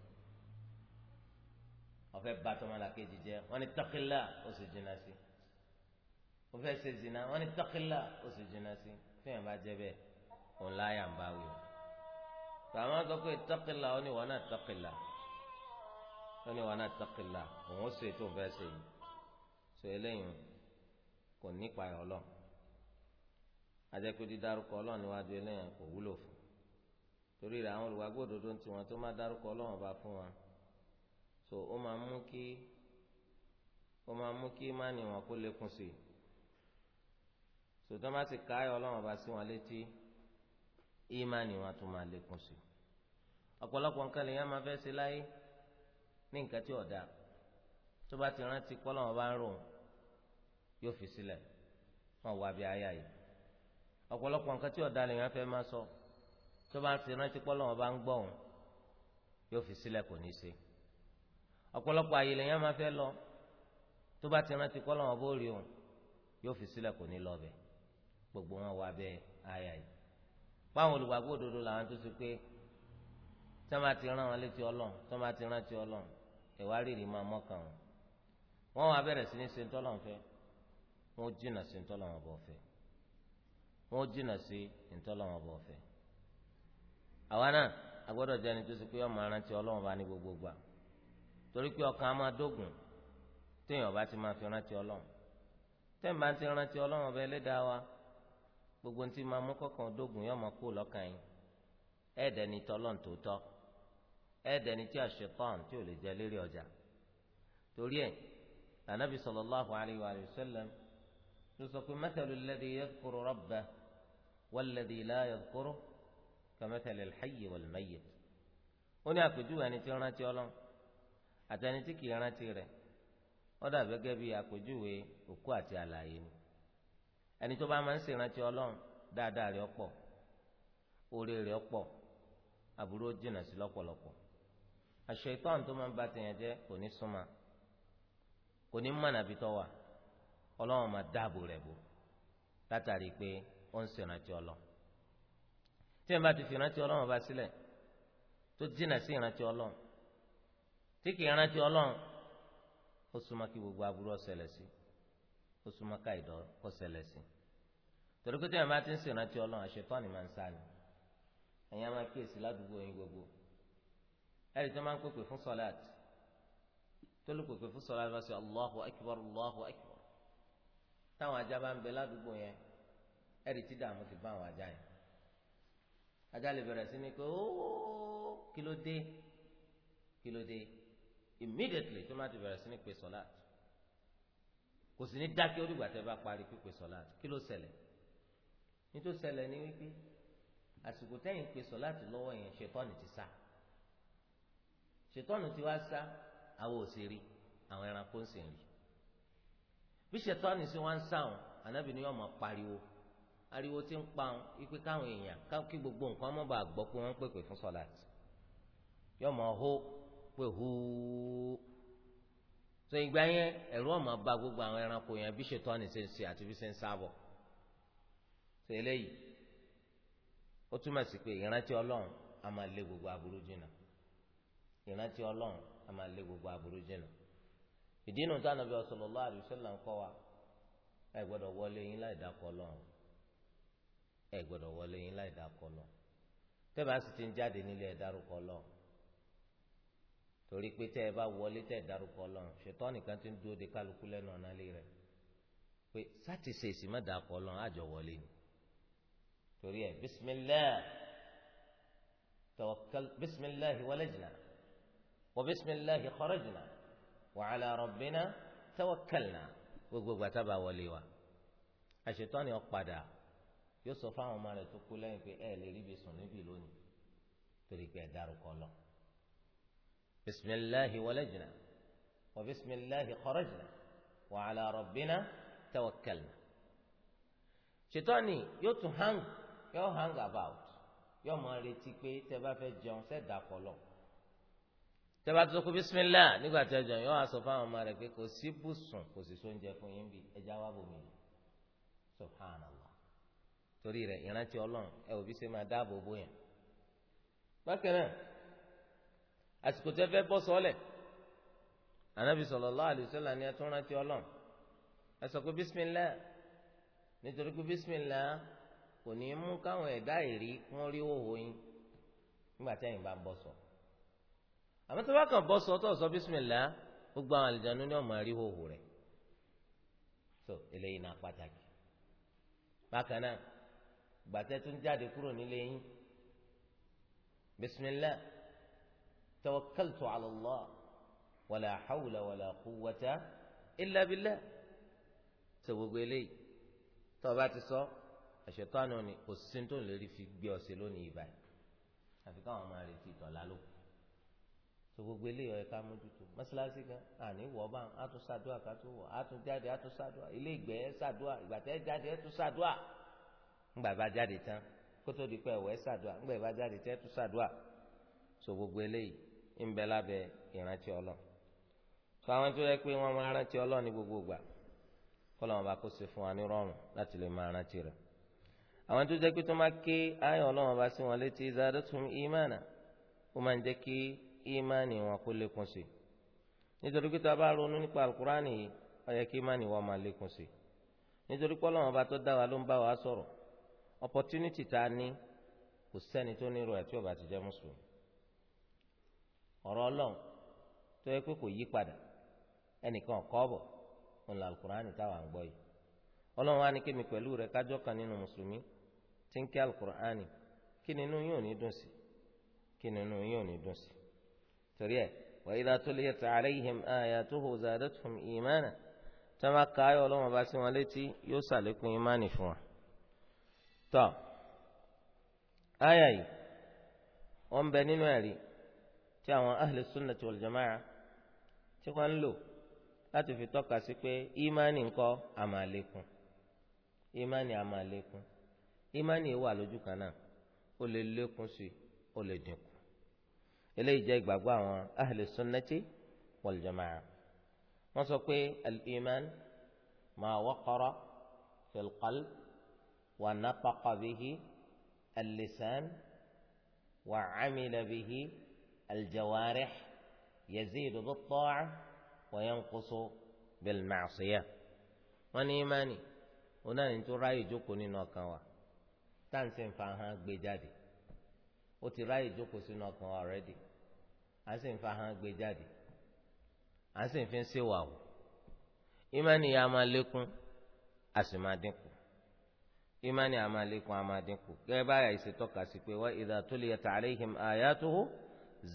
ọfẹ́ bá tọmọlá kejì jẹ wọn ni taqilla ó sì jìnnà sí ọfẹ́ ṣe zina wọn ni taqilla ó sì jìnnà sí fẹ́yìn bá jẹ bẹ́ẹ̀ òun láyà ń bá wí o tàwọn sọ pé taqilla ó ní wọn náà taqilla wọn ni wọn náà tẹkìlá òun ó ṣe tó yìí so eléyìí kò nípa ẹ̀ ọlọ́run ajẹ́pẹ́ dídárúkọ ọlọ́run níwájú eléyìí kò wúlò fún torí rẹ̀ àwọn olùwàgbọ́dọ̀ ń ti tó má dárúkọ ọlọ́run bá fún wọn so ó máa mú kí ó máa mú kí ìmánì wọn kó lékún sí i so tó má sì káyọ̀ ọlọ́run bá sí wọn létí ìmánì wọn tó máa lékún sí i ọ̀pọ̀lọpọ̀ nǹkan lèèyàn máa fẹ́ ṣe láyé ní nǹkan tí ọ̀dà tó bá ti rántí pọ́lọ́wọ́n bá ń rò yóò fi sílẹ̀ wọn wà bí aya yìí ọ̀pọ̀lọpọ̀ nǹkan tí ọ̀dà lèèyàn fẹ́ máa sọ tó bá ti rántí pọ́lọ́wọ́n bá ń gbọ́ òun yóò fi sílẹ̀ kò ní í ṣe ọ̀pọ̀lọpọ̀ àyè lèèyàn máa fẹ́ lọ tó bá ti rántí pọ́lọ́wọ́n bó rí òun yóò fi sílẹ̀ kò ní lọ bẹ̀ gbogbo wọn wà bẹ aya yìí báwọn olùgbàgbọ́ òdodo làwọn tó ṣe pé tí ẹ̀wá rírì máa mọ́kàn wọn wọ́n wá bẹ̀rẹ̀ sí ní ṣe ntọ́lọ́n fẹ́ wọ́n jìnnà sí ntọ́lọ́n ọ̀bọ̀ fẹ́ wọ́n jìnnà sí ntọ́lọ́n ọ̀bọ̀ fẹ́ àwa náà agbọ́dọ̀ jẹ́ ẹni tó ṣe pé ọmọ arántí ọlọ́run bá ní gbogbo gbà torí pé ọkàn á máa dógùn téèyàn bá ti máa fi rántí ọlọ́run téèyàn bá ti rántí ọlọ́run ọba ẹlẹ́dàá wa gbogbo ní ti máa mú kọ́kàn dógùn yóò máa kú lọ́kàn yín ẹ̀ẹ́dẹ̀ni tọ́lọ́n ẹ̀ẹ́dẹ̀ni tí àṣetán tí ò lè jẹ lérí ọjà torí ẹ̀ anabi sallallahu alayhi wa sallam ló sọ pé mẹ́tẹ̀lú lẹ́dí yẹ́kúrú rọ́bà wọ́lẹ́dí láyẹ̀kúrú kẹ́mẹ́tẹ̀lú lẹ́yìn wọ́lẹ́mẹ́yẹ̀. ó ní àpèjúwe ẹni tí ń rántí ọlọ́n àti ẹni tí kì í rántí rẹ̀ ó dà gẹ́gẹ́ bí àpèjúwe òkú àti àlàyé ni. ẹni tó bá máa ń ṣèrántí ọlọ́n dáadáa rẹ̀ ọ̀pọ̀ oore rẹ̀ ọ̀pọ̀ àbúrò jìnnà sí lọ́pọ̀lọpọ̀ àṣeyìtọ́n tó máa ń ba tèèyàn jẹ́ kò ní súnmọ́ kò ní mọ̀nàbí tó wà ọlọ́run máa dáàbò rẹ̀ bò látàrí pé ó ń ṣèrántí ọlọ́ tí ẹ̀ bá ti fi ìrántí ọlọ́run bá sílẹ̀ tó jìnnà sí ìrántí ọlọ́run tí kì í rántí ọlọ́run ó súnmọ́ kí gbogbo aburú ọ̀sẹ̀lẹ̀ sí ó súnmọ́ ká ìdọ̀ ọ̀sẹ̀lẹ̀ sí torí pé tí ẹ̀ bá ti ń ṣèrántí ọlọ́run àṣetọ́ni máa ń sáni ẹ̀yin á máa kíyèsí ládùúgbò yín gbogbo ẹ̀rí tó máa ń pèpè fún sọ̀láàt tó ló pèpè fún sọ̀láàt wá sí allahu akbar allahu akbar táwọn ajá bá ń bẹ ládùúgbò yẹn ẹ̀rí tí dààmú ti bá àwọn ajá yẹn ajá lè bẹ̀rẹ̀ sí ni pé óóó kí ló dé kí ló dé immediately tó máa ti bẹ̀rẹ̀ sí ni pé sọ̀láàt kò sí ní dákẹ́ orígbà tẹ́ bá parí pípé sọ̀láàt kí ló ṣẹlẹ̀ nítorí ṣẹlẹ̀ ni wípé àsìkò tẹ́yìn pé sọ̀láàt lọ́wọ́ yẹn ṣe tọ́ni ti sá ṣètọ́nù ti wá sá àwọn òṣèré àwọn ẹranko ń sìn rí bí ṣètọ́nù sí wá ń sáwọn ànábì ni yóò máa pariwo ariwo ti ń pa wọn ipe káwọn èèyàn kí gbogbo nǹkan má bàa gbọ́ pé wọ́n ń pèpè fún sọ́láàtì yóò máa hó pé hóó so ìgbà yẹn ẹ̀rù ọ̀mà bà gbogbo àwọn ẹranko yẹn bí ṣètọ́nù ṣe ń ṣe àti bí ṣe ń sábọ̀ so eléyìí ó túmọ̀ sí pé ìrántí ọlọ́run a máa lé gbogbo aburú jìnnà ìrántí ọlọ́run a máa lé gbogbo aburú jìnnà ìdí inú táwọn Ànábì sallallahu alaihi wasallam ń kọ́ wa ẹ gbọ́dọ̀ wọlé yín láì dákọ ọlọ́run ẹ gbọ́dọ̀ wọlé yín láì tẹ́bà sì ti ń jáde nílé dárúkọ torí pé tẹ́ ẹ bá wọlé tẹ́ ẹ dárúkọ ṣètọ́ de kálukú lẹ́nu ọ̀nà ilé rẹ̀ pé má àjọ wọlé ni وبسم الله خرجنا وعلى ربنا توكلنا gbogbo gbàtà bá wọlé wa àṣetán ni ọ̀padà yóò sọ fáwọn ọmọ rẹ tó kú lẹ́yìn pé ẹ lè rí ibi sùn níbi lónìí torí pé ẹ dárúkọ lọ. bisimilahi walajna wa bisimilahi kharajna wa ala rabbina tawakkalna. ṣetán ni yóò tún hang yóò hang about yóò máa retí pé tẹ bá fẹ́ jẹun sẹ́dá kọlọ́ọ̀ tẹ́bà tó kú bísímìlá nígbà tí ẹjọ́ yóò wá sọ fáwọn ọmọ rẹ̀ pé kò sí bùsùn kò sí sóúnjẹ fún yín bí ẹja wá bòmí subhanallah torí rẹ̀ ìrántí ọlọ́run ẹ òbí ṣe máa dáàbò bò yẹn. bákan náà àsìkò tẹ́ fẹ́ bọ́ sọ́lẹ̀ anabi sallallahu alaihi wasallam ni ẹ tún rántí ọlọ́run ẹ sọ pé bísímìlá nítorí pé bísímìlá kò ní mú káwọn ẹ̀dá ìrí kún rí òhò yín nígbà tí ẹ̀yin bá bọ́ sọ̀rọ̀ àmọ́ tó bá kàn bọ́ sọ tó sọ bísímìlá gbogbo àwọn àlìjánu ni ọmọ rí hòhò rẹ̀ tó eléyìí náà pàtàkì bákan náà gbàtẹ́ tó ń jáde kúrò nílé yín bísímìlá tawakkaltu ala Allah wàlà hawla wàlà quwwata illa billah tó gbogbo eléyìí tó o bá ti sọ àṣetánù ni kò sí tó lè rí fi gbé ọ sí lónìí ìbàyìí àfi káwọn máa retí ìtọ́lá lóko. so gbogbo eléyọ ẹ̀ka mójútó mọ́ṣáláṣí kan àní bá a tún ṣàdúà ká tó wọ̀ a tún jáde a tún ṣàdúà ilé ìgbẹ́ ẹ ṣàdúà ìgbà jáde ẹ tún ńgbà bá jáde tán di pé ẹ̀wọ̀ ẹ ṣàdúà ńgbà bá jáde tún so bẹ ìrántí ọlọ. àwọn tó yẹ pé máa rántí gbogbo kó bá kó fún wa ní rọrùn láti lè máa rántí àwọn tó pé ìmánì wọn kó lékún sí nítorí pé tá a bá ronú nípa alukurani yìí ó kí ìmánì wọn máa lékún sí nítorí pé ọlọ́run ọba tó dá wa ló ń bá wa sọ̀rọ̀ opportunity tá a ní kò sẹ́ni tó nírò ẹ̀ tí ọba ti jẹ́ mùsùlùmí ọ̀rọ̀ ọlọ́run tó yẹ pé kò yí padà ẹnìkan ọ̀kọ́ alukur'ani táwa ń gbọ́ yìí ọlọ́run wa ní kémi pẹ̀lú rẹ̀ kájọ́ kan nínú mùsùlùmí tí ń torí ẹ̀ wa idha tuliyat alayhim ayatuhu zadatuhum imana tí wọ́n bá ka ayọ̀ ọlọ́wọ́n bá sí wọn létí yóò sàlékún ìmánì fún wa. tọ́ ayà yìí wọ́n bẹ nínú ẹ̀rí tí àwọn ahli sunnati wal jama'a tí wọ́n ń lò láti fi tọ́ka sí pé ìmánì ńkọ́ àmàlékún ìmánì àmàlékún ìmánì wà lójú kan náà ó lè lékún sí i ó lè dínkù. eléyìí jẹ́ ìgbàgbọ́ àwọn ahli sunnati wal jamaa wọ́n sọ pé al-iman ma waqara fil qalb wa napaqa bihi al-lisan wa amila bihi al-jawarih yazidu bit-ta'a wa yanqusu bil-ma'siyah wọ́n ní imani onáni tó ráyè jókòó nínú ọkàn wa táǹsì ń fa hàn gbé jáde. ó ti ráyè jókòó sínú ọkàn wa already à ń sì ń fa hàn gbé jáde à ń sì ń fi ń ṣèwà o ìmánì yà máa lékún a sì máa dínkù ìmánì yà máa lékún a máa dínkù gẹ́gẹ́ báyà ìṣe tọ́ka sí pé wa idha tuliyat alayhim ayatuhu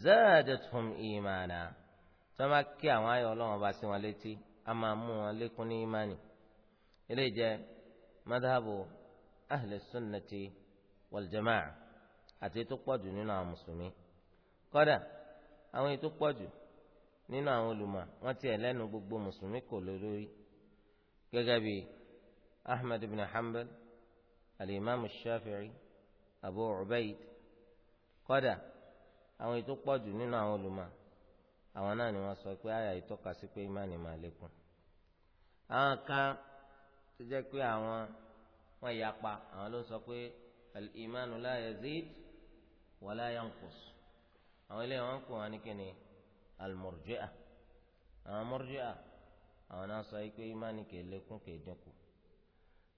zaadathum imana tí wọ́n bá kí àwọn ayọ̀ ọlọ́run bá sí wọn létí a máa mú wọn lékún ní ìmánì ilé jẹ́ madhabu ahli sunnati wal àti ètò pọ̀jù nínú àwọn mùsùlùmí kódà àwọn ètò pọ̀jù nínú àwọn olùmọ̀ wọ́n ti ẹlẹ́nu gbogbo mùsùlùmí kò lórí gẹ́gẹ́ bí ahmed ibn hanbal alimami shafi'i abu ubaid kódà àwọn ètò pọ̀jù nínú àwọn olùmọ̀ àwọn náà ni wọ́n sọ pé àyà ìtọ́ka sí pé imáni máa lékún àwọn kan tó jẹ́ pé àwọn wọ́n yapa àwọn ló sọ pé al-imanu la yazid wala yanqus àwọn eléyìí wọn kò wọn ní kíni al-murji'ah àwọn murji'ah àwọn náà sọ pé imáni kè lékún kè dínkù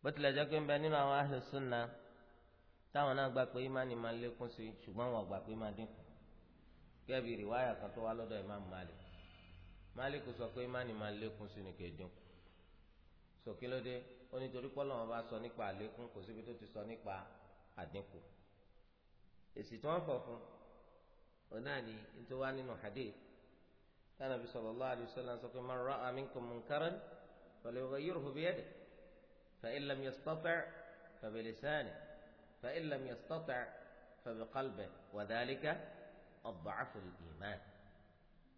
bó tilẹ̀ jẹ́ pé ń bẹ nínú àwọn ahlu sunna táwọn náà gbà pé imáni máa lékún sí ṣùgbọ́n wọn gbà pé máa dínkù gẹ́gẹ́ bí rìwáyà kan tó wá lọ́dọ̀ imam malik malik sọ pé imáni máa lékún sí ni kè dínkù sòkè lóde ó nítorí pọ́lọ́wọ́n bá sọ nípa àlékún kò síbi tó ti sọ nípa àdínkù èsì tí wọ́n bọ̀ fún òun náà ni nítorí wá nínú hadith tánà bí sallallahu alaihi wasallam sọ pé man ra'a minkum munkaran falyughayyirhu biyadihi fa in lam yastati' fa bilisanihi fa in lam yastati' fa biqalbihi wa dhalika ad'afu al-iman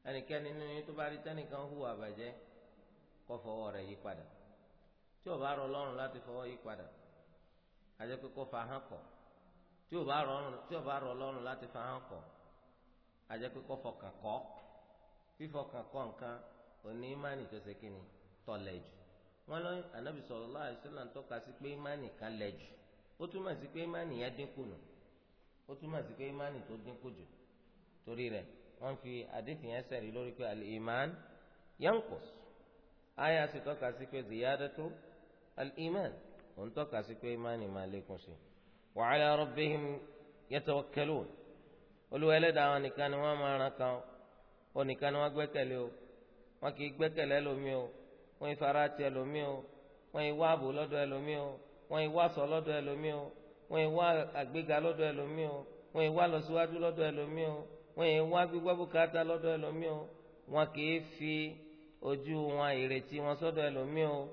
ẹnikẹ́ni nínú tó bá rí tẹ́nìkan hùwà àbàjẹ́ kó fọwọ́ rẹ̀ yí padà tí ò bá rọ lọ́rùn láti fọwọ́ yí padà àjẹpẹ́ kó fa hàn kọ́ tí o bá rọrùn tí o bá rọ láti fa hàn kọ́ àjẹ́ pé kọ fọkàn kọ fífọkàn kọ́ nǹkan òní tó ṣe kíni jù lọ ànábì sallallahu alaihi wasallam ń sí pé ìmánì kan lẹ̀ jù ó túmọ̀ sí pé ìmánì yẹn dínkù nù ó túmọ̀ sí pé ìmánì tó dínkù jù torí fi àdéhùn yẹn sẹ̀rí lórí pé al-iman àyà sì òun وعلى ربهم يتوكلون olùwẹ̀lẹ̀ dà wọn nìkan ni wọ́n máa ràn kàn ó nìkan ni wọ́n gbẹ́kẹ̀lé o wọn kì í gbẹ́kẹ̀lé lómi o wọ́n ìfara tiẹ̀ lómi o wọ́n ìwá o o o o ojú wọn ìrètí wọn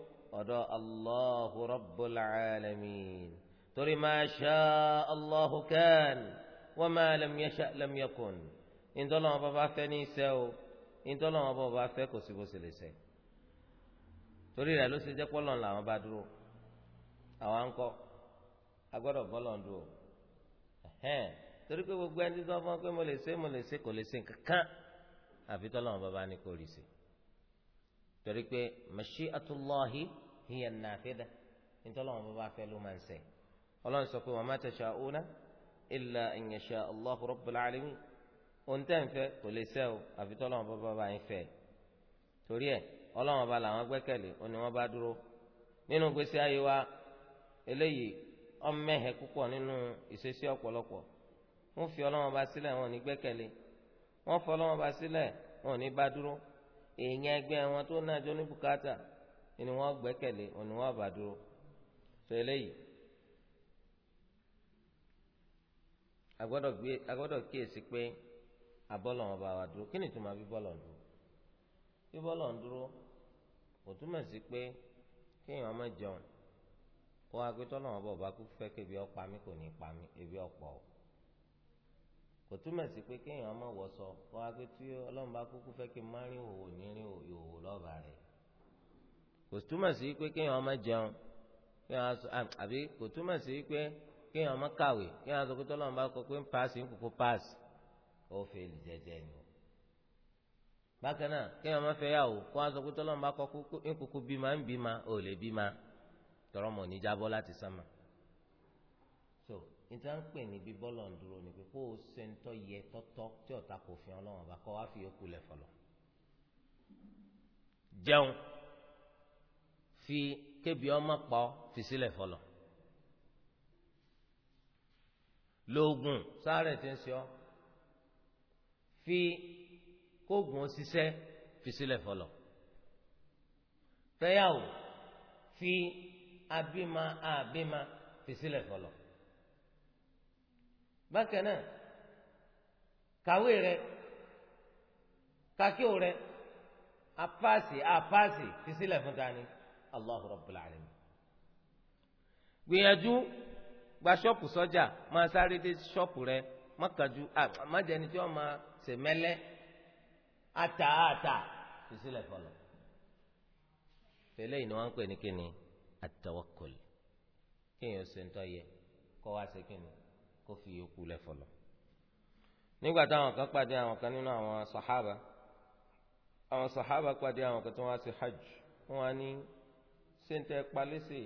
Allahu Rabbul Alamin. torí ma sha Allahu kan wa ma lam yasha lam yakun ìdọ́lọ́wọ́n bá bá fẹ́ ní iṣẹ́ o ìdọ́lọ́wọ́n bá bá fẹ́ kò sí bó ṣe lè ṣe torí rẹ̀ ló ṣe jẹ́ pọ́lọ́ làwọn bá dúró àwọn ń kọ́ agbọ́dọ̀ bọ́lọ̀ ń dúró ẹ̀hẹ́n torí pé gbogbo ẹni tó fọ́n pé mo lè ṣe mo lè ṣe kò lè ṣe kankan àfi tọ́lọ́wọ́n bá bá ní kò rí ṣe torí pé mashi'atullahi hiya an-nafida ìdọ́lọ́wọ́n bá bá fẹ́ ló máa ń ṣe ọlọ́run sọ pé wa ma tasha'una illa an yasha Allahu rabbul alamin ohun tẹ́ ń fẹ́ kò lè ṣẹ o àfi tọ́lọ́run bá bá bá yín fẹ́ torí ẹ̀ ọlọ́run ọba làwọn gbẹ́kẹ̀lé ó ní wọ́n bá dúró nínú gbèsè ayé wa eléyìí ọmẹ́hẹ̀ púpọ̀ nínú ìṣesí ọ̀pọ̀lọpọ̀ wọ́n fi ọlọ́run ọba sílẹ̀ wọn ò ní gbẹ́kẹ̀lé wọ́n fọ ọlọ́run ọba sílẹ̀ wọn ò ní bá dúró èèyàn ẹgbẹ́ wọn tó náà jó ní bùkátà ni wọ́n gbẹ́kẹ̀lé òní wọ́n bá dúró tó eléyìí agbọ́dọ̀ gbé agbọ́dọ̀ kíyèsí pé abọlọ wọn bá wa dúró kí ni ìtumọ̀ bíbọlọ ń dúró bíbọlọ ń dúró kò túmọ̀ sí pé kéèyàn má jẹun kó agbétọ́ lọ́wọ́ bọ̀ bá kú fẹ́ kébi ọ̀pá mi kò ní pa mi ebi ọ̀pọ̀ o kò túmọ̀ sí pé kéèyàn má wọṣọ kó agbétí ọlọ́run bá kúkú fẹ́ kí n má rí òwò ní rí òwò lọ́ọ̀bà rẹ̀ kò túmọ̀ sí pé kéèyàn má jẹun àbí kò túmọ̀ sí pé kéèyàn má kàwé kéèyàn sọ pé tọ́lọ́run bá kọ pé ń paasi ń kókó paasi ó fẹ́ lè jẹjẹ ni o bákan náà kéèyàn má fẹ́ yà o kó a sọ pé tọ́lọ́run bá kọ pé ń kókó bímá ń bímá ó lè bímá tọrọ mọ̀ ní jábọ́ láti sánmà so níta ń pè ní bí bọ́ọ̀lù ń dúró ni pé kó o ṣe ń tọ́ yẹ tọ́tọ́ tí ọ̀tá kò fi ọlọ́run bá kọ́ wá fi yókù lẹ̀ fọlọ́ jẹun fi kébi ọmọ pọ̀ lóògùn sáré tí ń ṣe ọ fi kóògùn ṣiṣẹ́ fi sílẹ̀ fọlọ fẹ́yàwó fi abima abima fi sílẹ̀ fọlọ bákan náà kàwé rẹ kakíw rẹ apáàsì apáàsì fi sílẹ̀ fún tani Allahu Rabbul Alamin gbìyànjú gba ṣọ́ọ̀pù sọ́jà máa sáré dé ṣọ́ọ̀pù rẹ mọ́kànjú àmájẹni tí wọ́n máa ṣe mẹ́lẹ́ ata ata ìsílẹ̀ fọlọ́. tẹ́lẹ̀ yìí ni wọ́n ń pè ní kíni at-tawakkul kéèyàn ṣe ń tọ́ yẹ kó wá ṣe kíni kó fi yòókù lẹ̀ fọlọ́. nígbà táwọn kan pàdé àwọn kan nínú àwọn sàhábà àwọn sàhábà pàdé àwọn kan tó wá sí hajj wọ́n wá ṣé ń tẹ́ palẹ́sì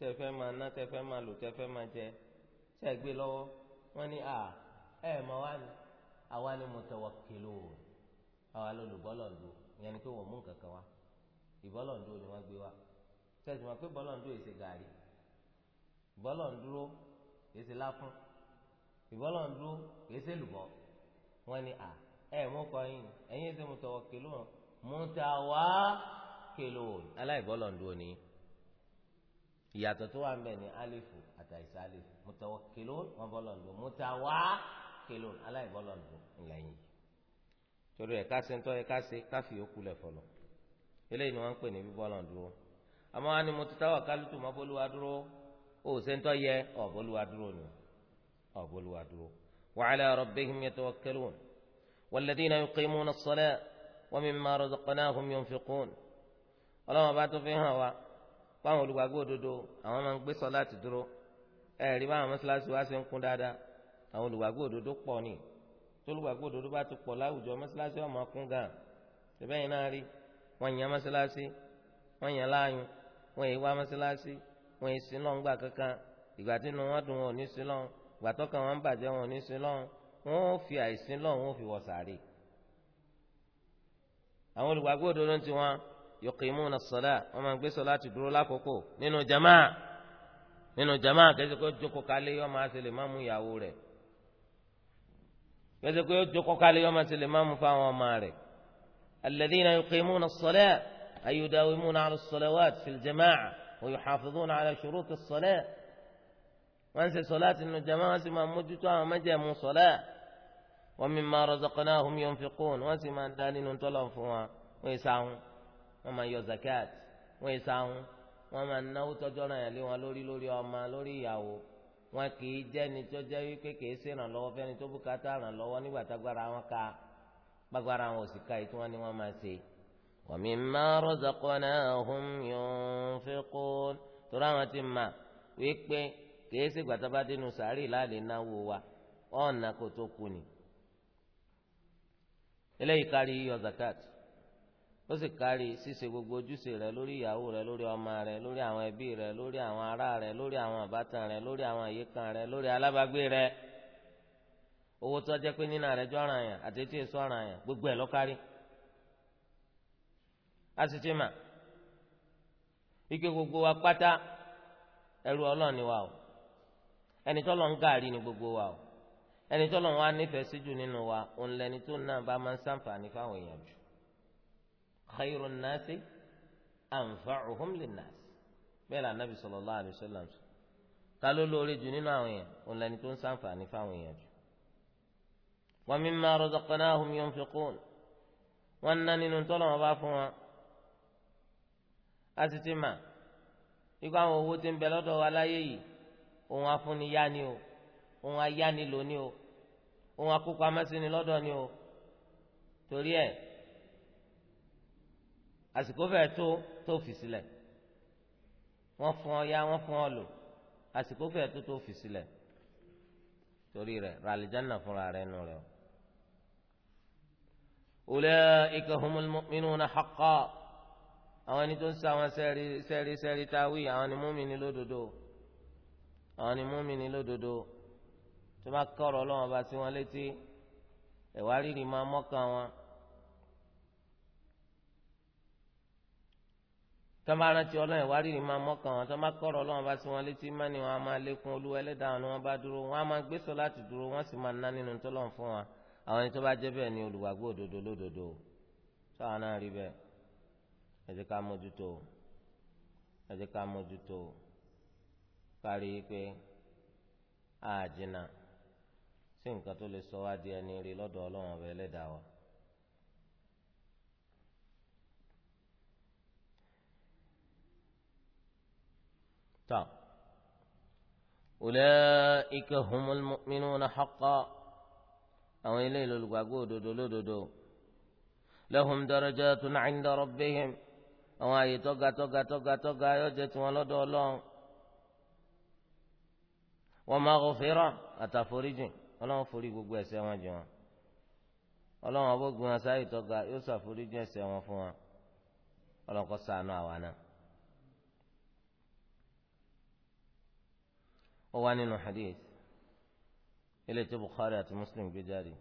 tẹfẹ máa ná tẹfẹ máa lò tẹfẹ máa jẹ tẹ gbé lọ́wọ́ wọn ní à ẹ mọ wá ní àwa ni mutawakkilun àwa ló lù bọ́lọ̀ ǹdó ìyẹn ni pé wọ́n mú nǹkan kan wá ìbọ́lọ̀ ǹdó ni wọ́n gbé wá tẹ̀sí ma pé bọ́lọ̀ ǹdó èsè gàrí ìbọ́lọ̀ ǹdúró èsè láfún ìbọ́lọ̀ ǹdúró èsè lùbọ́ wọn ní à ẹ mọ kọ yín ẹ̀yin èsè mutawakkilun mutawakkilun aláìbọ́lọ̀ ǹdó ni ìyàtọ̀ tó wà ń bẹ̀ ní alifu àtàìsá alifu mutawakilun wọn bọ́ lọ́nà mutawakilun aláìbọ́lọ̀ nù ńlẹ́yìn torí ẹ̀ka ṣe ń tọ́ ẹ̀ka ṣe káfí òkú lẹ̀ fọlọ́ eléyìí ni wọ́n ń pè ní bíbọ́lọ̀ dúró àmọ́ wọn ni mo ti táwọ̀ kálùtù mọ́ bólúwa dúró ó ṣe ń tọ́ yẹ ọ̀bólúwa dúró ni ọ̀bólúwa dúró wa ala rabbihim yatawakkalun walladhina yuqimuna as-salata fáwọn olùgbàgbọ́ òdodo àwọn máa ń gbé sọláàtì dúró ẹ̀rí báwọn mọ́ṣáláṣí wá sí ń kún dáadáa àwọn olùgbàgbọ́ òdodo pọ̀ ni tólùgbàgbọ́ òdodo bá ti pọ̀ láwùjọ mọ́ṣáláṣí ọmọ kún gan ṣẹbẹ́ yìí náà rí wọ́n yàn mọ́ṣáláṣí wọ́n yàn láàyùn wọ́n yìí wá mọ́ṣáláṣí wọ́n yìí sílọ̀ ńgbà kankan ìgbà tí inú wọn dùn wọn ò ní sílọ̀ ìgbà tọ́kàn wọn ń bàjẹ́ wọn ò ní sílọ̀ wọn ò fi àìsílọ̀ wọn ò fi wọ̀ sàárè àwọn olùgbàgbọ́ òdodo ti wọn يقيمون الصلاة وما نقول صلاة تدرو لاكوكو نينو جماعة نينو جماعة كذا كو جوكو كالي يوم عسل الإمام ياوري كذا كو جوكو كالي يوم عسل الإمام فاو ماري الذين يقيمون الصلاة أي يداومون على الصلوات في الجماعة ويحافظون على شروط الصلاة وأنسى صلاة إن جماعة سما مجتوى مجمع صلاة ومما رزقناهم ينفقون وسما دانين تلفوا ويسعون wọn máa yọ zakat wọ́n yẹ sáhùn wọ́n máa náwó tọ́jọ́ náà yàn lé wọn lórí lórí ọmọ lórí ìyàwó wọn kì í jẹ́ni tó jẹ́ wípé kì í ṣe ìrànlọ́wọ́ fẹ́ni tó bùkátà ìrànlọ́wọ́ nígbà tágbára wọn ká gbàgbára wọn ò sì ká ètò wọn ni wọn máa ṣe. wa mimma razaqnahum yunfiqun torí àwọn ti mà wípé kì í ṣe wa ọ̀nà kò tó ó sì kárí ṣíṣe gbogbo ojúṣe rẹ lórí ìyàwó rẹ lórí ọmọ rẹ lórí àwọn ẹbí rẹ lórí àwọn ará rẹ lórí àwọn àbátan rẹ lórí àwọn àyíkan rẹ lórí alábàágbé rẹ owó tó jẹ́ pé nínú rẹ jọ ọ̀ràn yẹn àti etí èso ọ̀ràn yẹn gbogbo ẹ̀ ló kárí a sì ti mà ike gbogbo wa pátá ẹrú Ọlọ́run ni wa o ẹni tó ń gàrí ni gbogbo wa o ẹni tó lọ ń wá nífẹ̀ẹ́ síjú nínú wa òun lẹni tó náà bá máa ń sàǹfààní fáwọn khayrun nasi anfa'uhum linnas bẹ́ẹ̀ la nabi sallallahu alayhi wa sallam sọ ta ló lóore jù nínú àwọn èèyàn òun lẹni tó ń sàǹfààní fáwọn èèyàn jù. wa mimma razaqnahum yunfiqun wọ́n ń ná nínú tọ́lọ̀ wọn bá fún wọn. a sì ti mà ikú àwọn owó tí ń bẹ lọ́dọ̀ wa láyé yìí òun afúniyá ni o òun ayá ni lóní o òun akópa amásíni lọ́dọ̀ ni o torí ẹ̀ àsìkò fẹ́ẹ́ tó tó fi sílẹ̀ wọ́n fún ọ ya wọ́n fún ọ lò àsìkò fẹ́ẹ́ tó tó fi sílẹ̀ torí rẹ̀ ràlìjánà fúnra rẹ̀ nù rẹ̀ o. ulaika humul mu'minuna haqqan àwọn ẹni tó ń sa àwọn sẹ́ẹ̀rí sẹ́ẹ̀rí sẹ́ẹ̀rí táwí àwọn ni múmìnì lódodo àwọn ni múmìnì lódodo tó bá kọ̀rọ̀ ọlọ́wọ́n bá sí wọn létí ẹ̀wá rírì máa mọ́kàn wọn. tọ́ba rántí ọlọ́run ìwárìrì máa mọ́kàn wọn tọ́ba kọ́rọ̀ ọlọ́run bá sí wọn létí mẹ́ni wọn a máa lékún olúwa ẹlẹ́dàá wọn ni wọ́n bá dúró wọn a máa gbèsò láti dúró wọ́n sì máa ná nínú tọ́lọ́run fún wọn àwọn ẹni tó bá jẹ́ bẹ́ẹ̀ ni olùgbàgbọ́ òdodo lódodo sáwọn náà rí bẹ́ẹ̀ ẹ jẹ́ ká mójútó ẹ jẹ́ ká mójútó kárí pé àjìnà sí nǹkan tó lè sọ wá di ẹni rí lọ́dọ̀ ọlọ́run ọ̀bẹ ẹlẹ́dàá tọ́ ulaika humul mu'minuna haqqan àwọn ilé ìlólùgbàgbọ́ òdodo lódodo lahum darajatun 'inda rabbihim àwọn àyè tọ́ga tọ́ga tọ́ga tọ́ga yóò jẹ́ tiwọn lọ́dọ̀ ọlọ́run wa maghfirah àtàforíjìn ọlọ́run forí gbogbo ẹ̀ṣẹ̀ wọn jì wọn ọlọ́run ọbọ̀ gbìyànjú sáyè tọ́ga yóò ṣàforíjìn ẹ̀ṣẹ̀ wọn fún wọn ọlọ́run kó ṣàánú àwa náà. قوانين الحديث إلى بخاري مسلم بجاري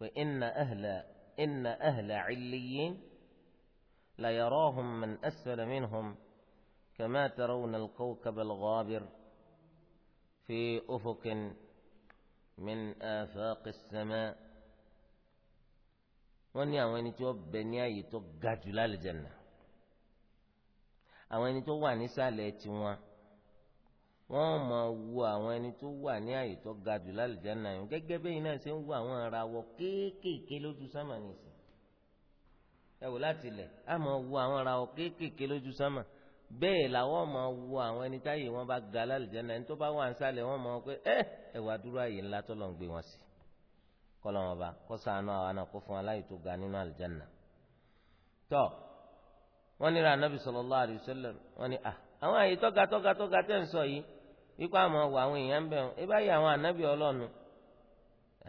وإن أهل إن أهل عليين لا يراهم من أسفل منهم كما ترون الكوكب الغابر في أفق من آفاق السماء wọ́n àwọn ẹni tó bẹ ní ààyè tó ga jù lálẹ́ jẹ̀nà wọ́n máa wo àwọn ẹni tó wà ní àyè tó ga jù lálùjáná yìí gẹ́gẹ́ bẹ́ẹ̀ náà ṣe ń wo àwọn ìràwọ̀ kéékèèké lójú sámà nìsín ẹ wò láti ilẹ̀ á máa wo àwọn ìràwọ̀ kéékèèké lójú sámà bẹ́ẹ̀ làwọn máa wo àwọn ẹni táyè wọn bá ga lálùjáná ẹni tó bá wà ń sálẹ̀ wọ́n máa pé ẹ ẹ wà dúró àyè ńlá tó lọ́n gbé wọn sí kọ́lọ́wọ́n bá kó ṣàánú àwọn náà kó fún aláì tó ga nínú àlùjáná tọ́ wọ́n ní ra anábì sallallahu alaihi wasallam wípé àmọ́ wọ àwọn èèyàn ń bẹ̀ wọn ẹ báyìí àwọn ànábì ọlọ́nu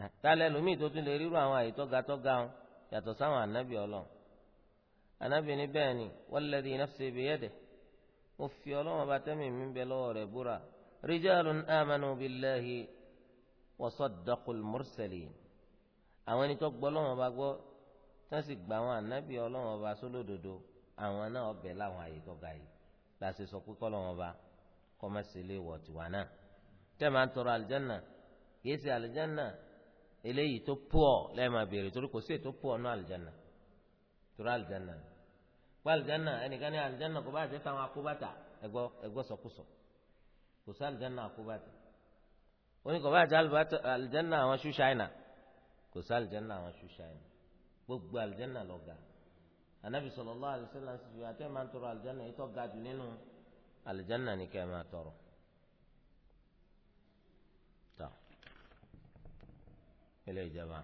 àtàlẹ́ lómi tó tún lè ríru àwọn àyè tọ́ga tọ́ga wọn yàtọ̀ sáwọn ànábì ọlọ́run ànábì ní bẹ́ẹ̀ ni walladhi nafsi biyadihi mo fi ọlọ́run bá tẹ́mi mi bẹ lọ́wọ́ rẹ̀ búra rijalun amanu billahi wa saddaqul mursalin àwọn ẹni tó gbọ́ lọ́wọ́ bá gbọ́ tán sì gba àwọn ànábì ọlọ́run bá sólódodo àwọn náà ọbẹ̀ láwọn àyè tọ́ga yìí láti sọ pé kọ́ lọ́wọ́ bá kọ́mẹ́sì lè wọ̀ tiwa náà tẹ́ máa ń tọrọ àlùjánnà kìí ṣe àlùjánnà eléyìí tó pọ̀ lẹ́ẹ̀ma béèrè torí kò sí ètò pọ̀ nù àlùjánnà torí àlùjánnà pé àlùjánnà ẹnìkan ní àlùjánnà kò bá àti fáwọn akóbàtà ẹgbọ́ ẹgbọ́ sọkúsọ kò sí àlùjánnà akóbàtà oní kò bá àti àlùjánnà àwọn ṣú ṣáínà kò sí àlùjánnà àwọn ṣú ṣáínà gbogbo àlùjánnà lọ ga anabi sallallahu alaihi wasallam àti ẹ̀ máa alìjánà ni kẹ́ ẹ máa tọrọ. tọ́ ilé ìjọba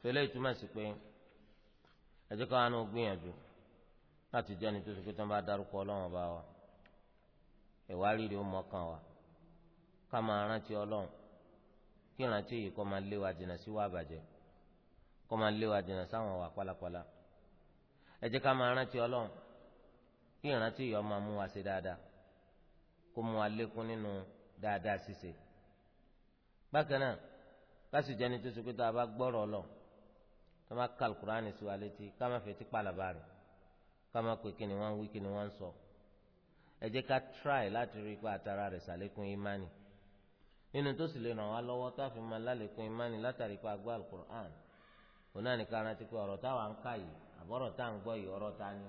fẹlẹ́ ìtumọ̀ sí pé ẹ jẹ́ ká wọn gbìyànjú láti jẹ́ ẹni tó ṣe pé tí wọ́n bá darúkọ ọlọ́run ọba wa ẹ̀wá rírì ó mọ̀ọ́kàn wa ká máa rántí ọlọ́run kí ìrántí yìí kó máa lé dènà sí wa àbàjẹ́ kó máa lé dènà sáwọn wà pálapàla ẹ ká máa rántí ọlọ́run kí ìrántí yọ máa mú wa ṣe dáadáa kó mú wa lékún nínú dáadáa ṣíṣe bákan náà kásì jẹni tó sọ pé a bá gbọ́rọ̀ lọ tó má ka alukur'ani sí wa létí ká má fetí pàlàbà rẹ̀ ká sọ ẹ jẹ́ ká try láti rí àtàrà rẹ̀ ṣàlékún ìmánì nínú tó sì lè ràn wá lọ́wọ́ a fi máa ìmánì látàrí òun náà ní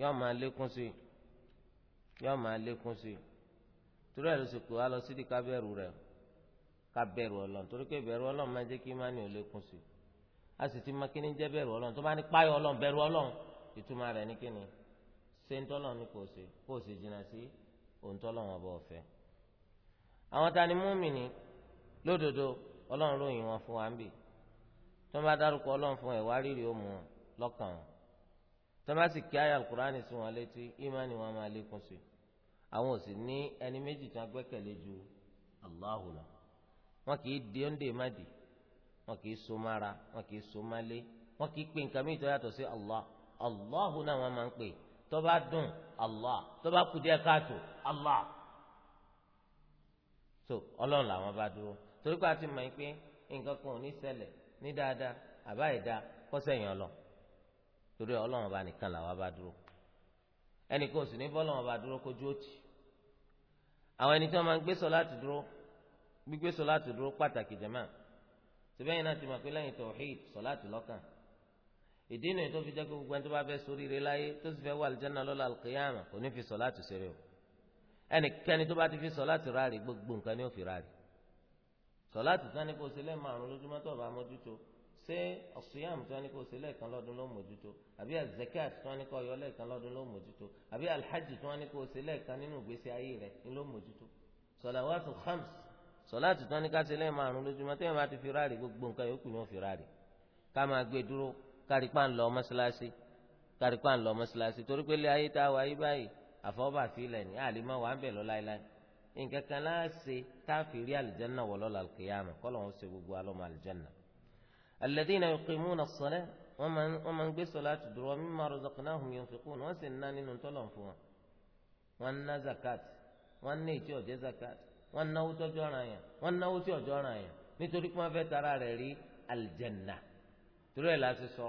yóò máa lékún sí yóò máa lékún sí torí ẹ̀ ló sì pé wá lọ sídìí ká bẹ̀rù rẹ̀ ká ọlọ́run torí pé bẹ̀rù ọlọ́run máa jẹ́ kí má ní lékún sí a sì ti máa kíni jẹ́ bẹ̀rù ọlọ́run tó bá ní páyọ̀ ọlọ́run bẹ̀rù ọlọ́run ìtumọ̀ rẹ̀ ní kíni ṣé ń kò sí kò sì jìnnà sí òun wọn bọ̀ ọ̀fẹ́ àwọn ta ni múmìnì lódodo ọlọ́run ròyìn wọn fún wa ń bì tó bá dárúkọ ọlọ́run fún ẹ̀ wá rírì ó mú wọn lọ́kàn wọn tọ́másì kí ayé alukur'ani sí wọn létí ìmánì wọn máa lékún sí àwọn ò sì ní ẹni méjì tí wọn ju Allahu lọ wọn kì í di ọ́ndè mádì wọn kì í so mára wọn kì í so málé wọn kì í pè nǹkan mìíràn yàtọ̀ sí Allah Allahu náà wọn máa ń pè tó dùn Allah tó bá kù díẹ̀ Allah so ọlọ́run làwọn bá dúró torí pé a ti mọ̀ ẹ́ pé nǹkan kan ò ní ṣẹlẹ̀ ní dáadáa àbá ìdá kọ́sẹ̀yìn ọlọ́run torí ọlọ́run ọba nìkan làwọn bá dúró ẹnì kan sì ní bọ́ ọlọ́run ọba dúró kójú òtì àwọn ẹni tí wọ́n máa ń gbé sọ láti dúró gbígbé sọ láti dúró pàtàkì jẹ̀mọ́ síbẹ̀ yìí náà ti mọ̀ pé lẹ́yìn tawhid sọ láti lọ́kàn ìdí nìyí tó fi jẹ́ kó gbogbo ẹni tó bá fẹ́ sórí ire láyé tó sì fẹ́ wà lìjánná lọ́la al kò ní fi sọ láti ṣeré o ẹnikẹ́ni tó bá ti fi sọ láti ráàrí gbogbo nǹkan ni ó fi ráàrí sọ láti sanni kó o ṣe lẹ́ẹ̀ márùn lójúmọ́ tó mójútó ṣé ọ̀ṣùyàmù tí wọ́n ní kó ṣe lẹ́ẹ̀kan lọ́dún ló mójútó àbí azekat tí wọ́n ní kó yọ lẹ́ẹ̀kan lọ́dún ló mójútó àbí alhaji tí wọ́n ní kó ṣe lẹ́ẹ̀kan nínú ìgbésí ayé rẹ̀ ni ló mójútó. sọ̀làwátù khams sọ̀láàtì tí wọ́n ní ká ṣe lẹ́ẹ̀ márùn lójúmọ́ tí wọ́n bá ti fi ráàrí gbogbo nǹkan yòókù ni wọ́n fi ráàrí ká máa gbé dúró kárí lọ mọ́ṣáláṣí kárí lọ mọ́ṣáláṣí alladhina yuqimuna as-salah wọ́n máa ń gbé sọ̀láàtì dúró wọ́n mimma razaqnahum yunfiqun wọ́n sì ń ná nínú tọ́lọ̀ fún wọn wọ́n ń ná zakat wọ́n ń ná ètí ọ̀jẹ́ zakat wọ́n ń náwó tọ́jú ọ̀ràn yẹn wọ́n ń náwó tí ọ̀jọ́ ọ̀ràn yẹn nítorí pé wọ́n fẹ́ tara rẹ̀ rí aljanna torí ẹ̀ láti sọ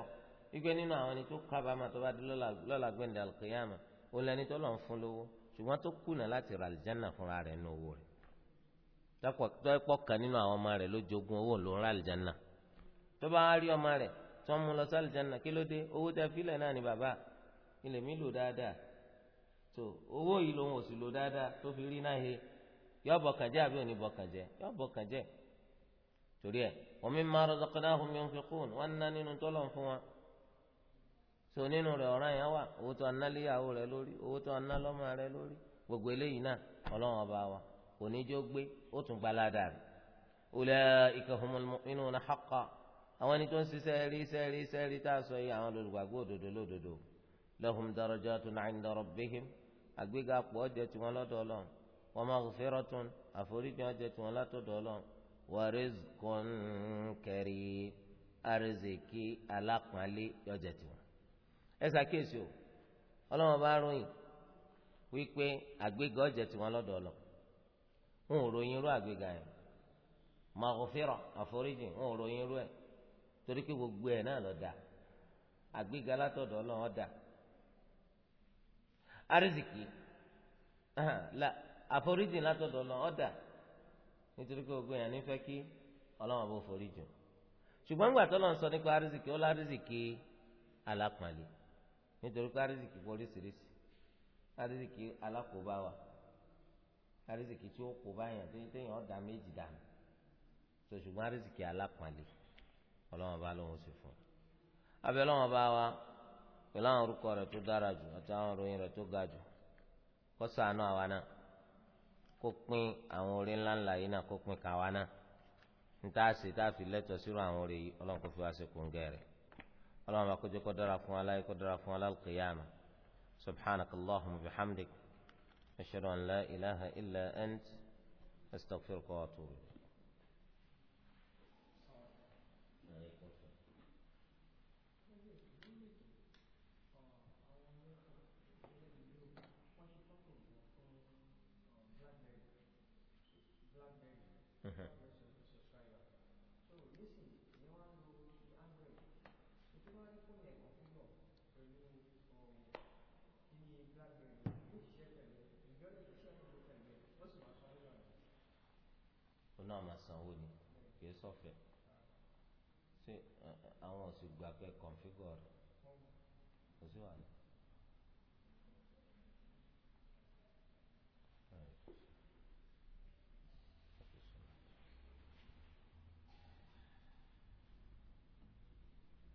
wípé nínú àwọn ẹni tó kábàámà tó bá dé lọ́la gbẹ̀ndẹ̀ alqiyama ó lẹni tó lọ́n fún lówó ṣùgbọ́n tó kùnà láti ra aljanna fúnra rẹ̀ nínú owó rẹ̀ tọ́pọ̀ kan nínú àwọn ọmọ rẹ̀ ló jogún owó ló ń ra aljanna tó bá rí ọmọ rẹ̀ tó ń mú lọ sálì jẹ́nà kí ló dé owó tẹ fílẹ̀ náà ni bàbá ilẹ̀ mi lò dáadáa tó owó yìí lòun ò sì lò dáadáa tó fi rí náà he yọ bọ̀kànjẹ́ àbí òní bọ̀kànjẹ́ yọ bọ̀kànjẹ́ torí ẹ̀ wa mimma razaqnahum yunfiqun wọ́n ná nínú tọ́lọ̀ fún wọn tó nínú rẹ̀ ọ̀ràn yẹn wà owó tó aná léyàwó rẹ̀ lórí owó tó aná lọ́mọ rẹ̀ lórí gbogbo eléyìí náà ọlọ́run ọba wa kò ní jó gbé ó tún gbaládàá rẹ̀ ulaika humul mu'minuna haqqan àwọn ẹni tó ń ṣiṣẹ́ rí iṣẹ́ rí iṣẹ́ rí tá a sọ yìí àwọn olùgbàgbọ́ òdodo lódodo lahum darajatun 'inda rabbihim àgbéga pọ̀ ọ̀jẹ̀ tiwọn lọ́dọ̀ ọlọ́run wa maghfiratun àforíjì ọ̀jẹ̀ tiwọn látọ̀dọ̀ ọlọ́run wa rizqun karim àrèzèké alápọ̀nlé ọ̀jẹ̀ tiwọn. ẹ ṣàkíyèsí o ọlọ́run bá ròyìn wípé àgbéga ọ̀jẹ̀ tiwọn lọ́dọ̀ ọlọ́run wọn ò torí pé gbogbo ẹ náà lọ dà àgbéga látọ̀dọ̀ Ọlọ́run ọ̀dà arísìkì àforíjì látọ̀dọ̀ Ọlọ́run ọ̀dà nítorí gbogbo nífẹ̀ẹ́ kí Ọlọ́run bó foríjì ṣùgbọ́n gbà t'Ọlọ́run sọ nípa arísìkì ó lárísìkì nítorí oríṣiríṣi alákòóbá wa tí ó kó báyàn ọ̀dà méjì dànù ṣùgbọ́n ọlọ́wọ́n bá lóun sì fún un abẹ́ ọlọ́wọ́n bá wa pẹ̀lú àwọn orúkọ rẹ̀ tó dára jù àti àwọn ìròyìn rẹ̀ tó ga jù kó ṣàánú àwa náà kó pín àwọn orí ńláńlá yìí náà kó pín káwa náà níta ṣe tá a fi lẹ́tọ̀ọ́ sírò àwọn orí yìí ilaha oná àmà sanwó ni kìí sọfẹ ṣé àwọn ò sì gbà pé kọ̀ǹfígọ̀ rẹ̀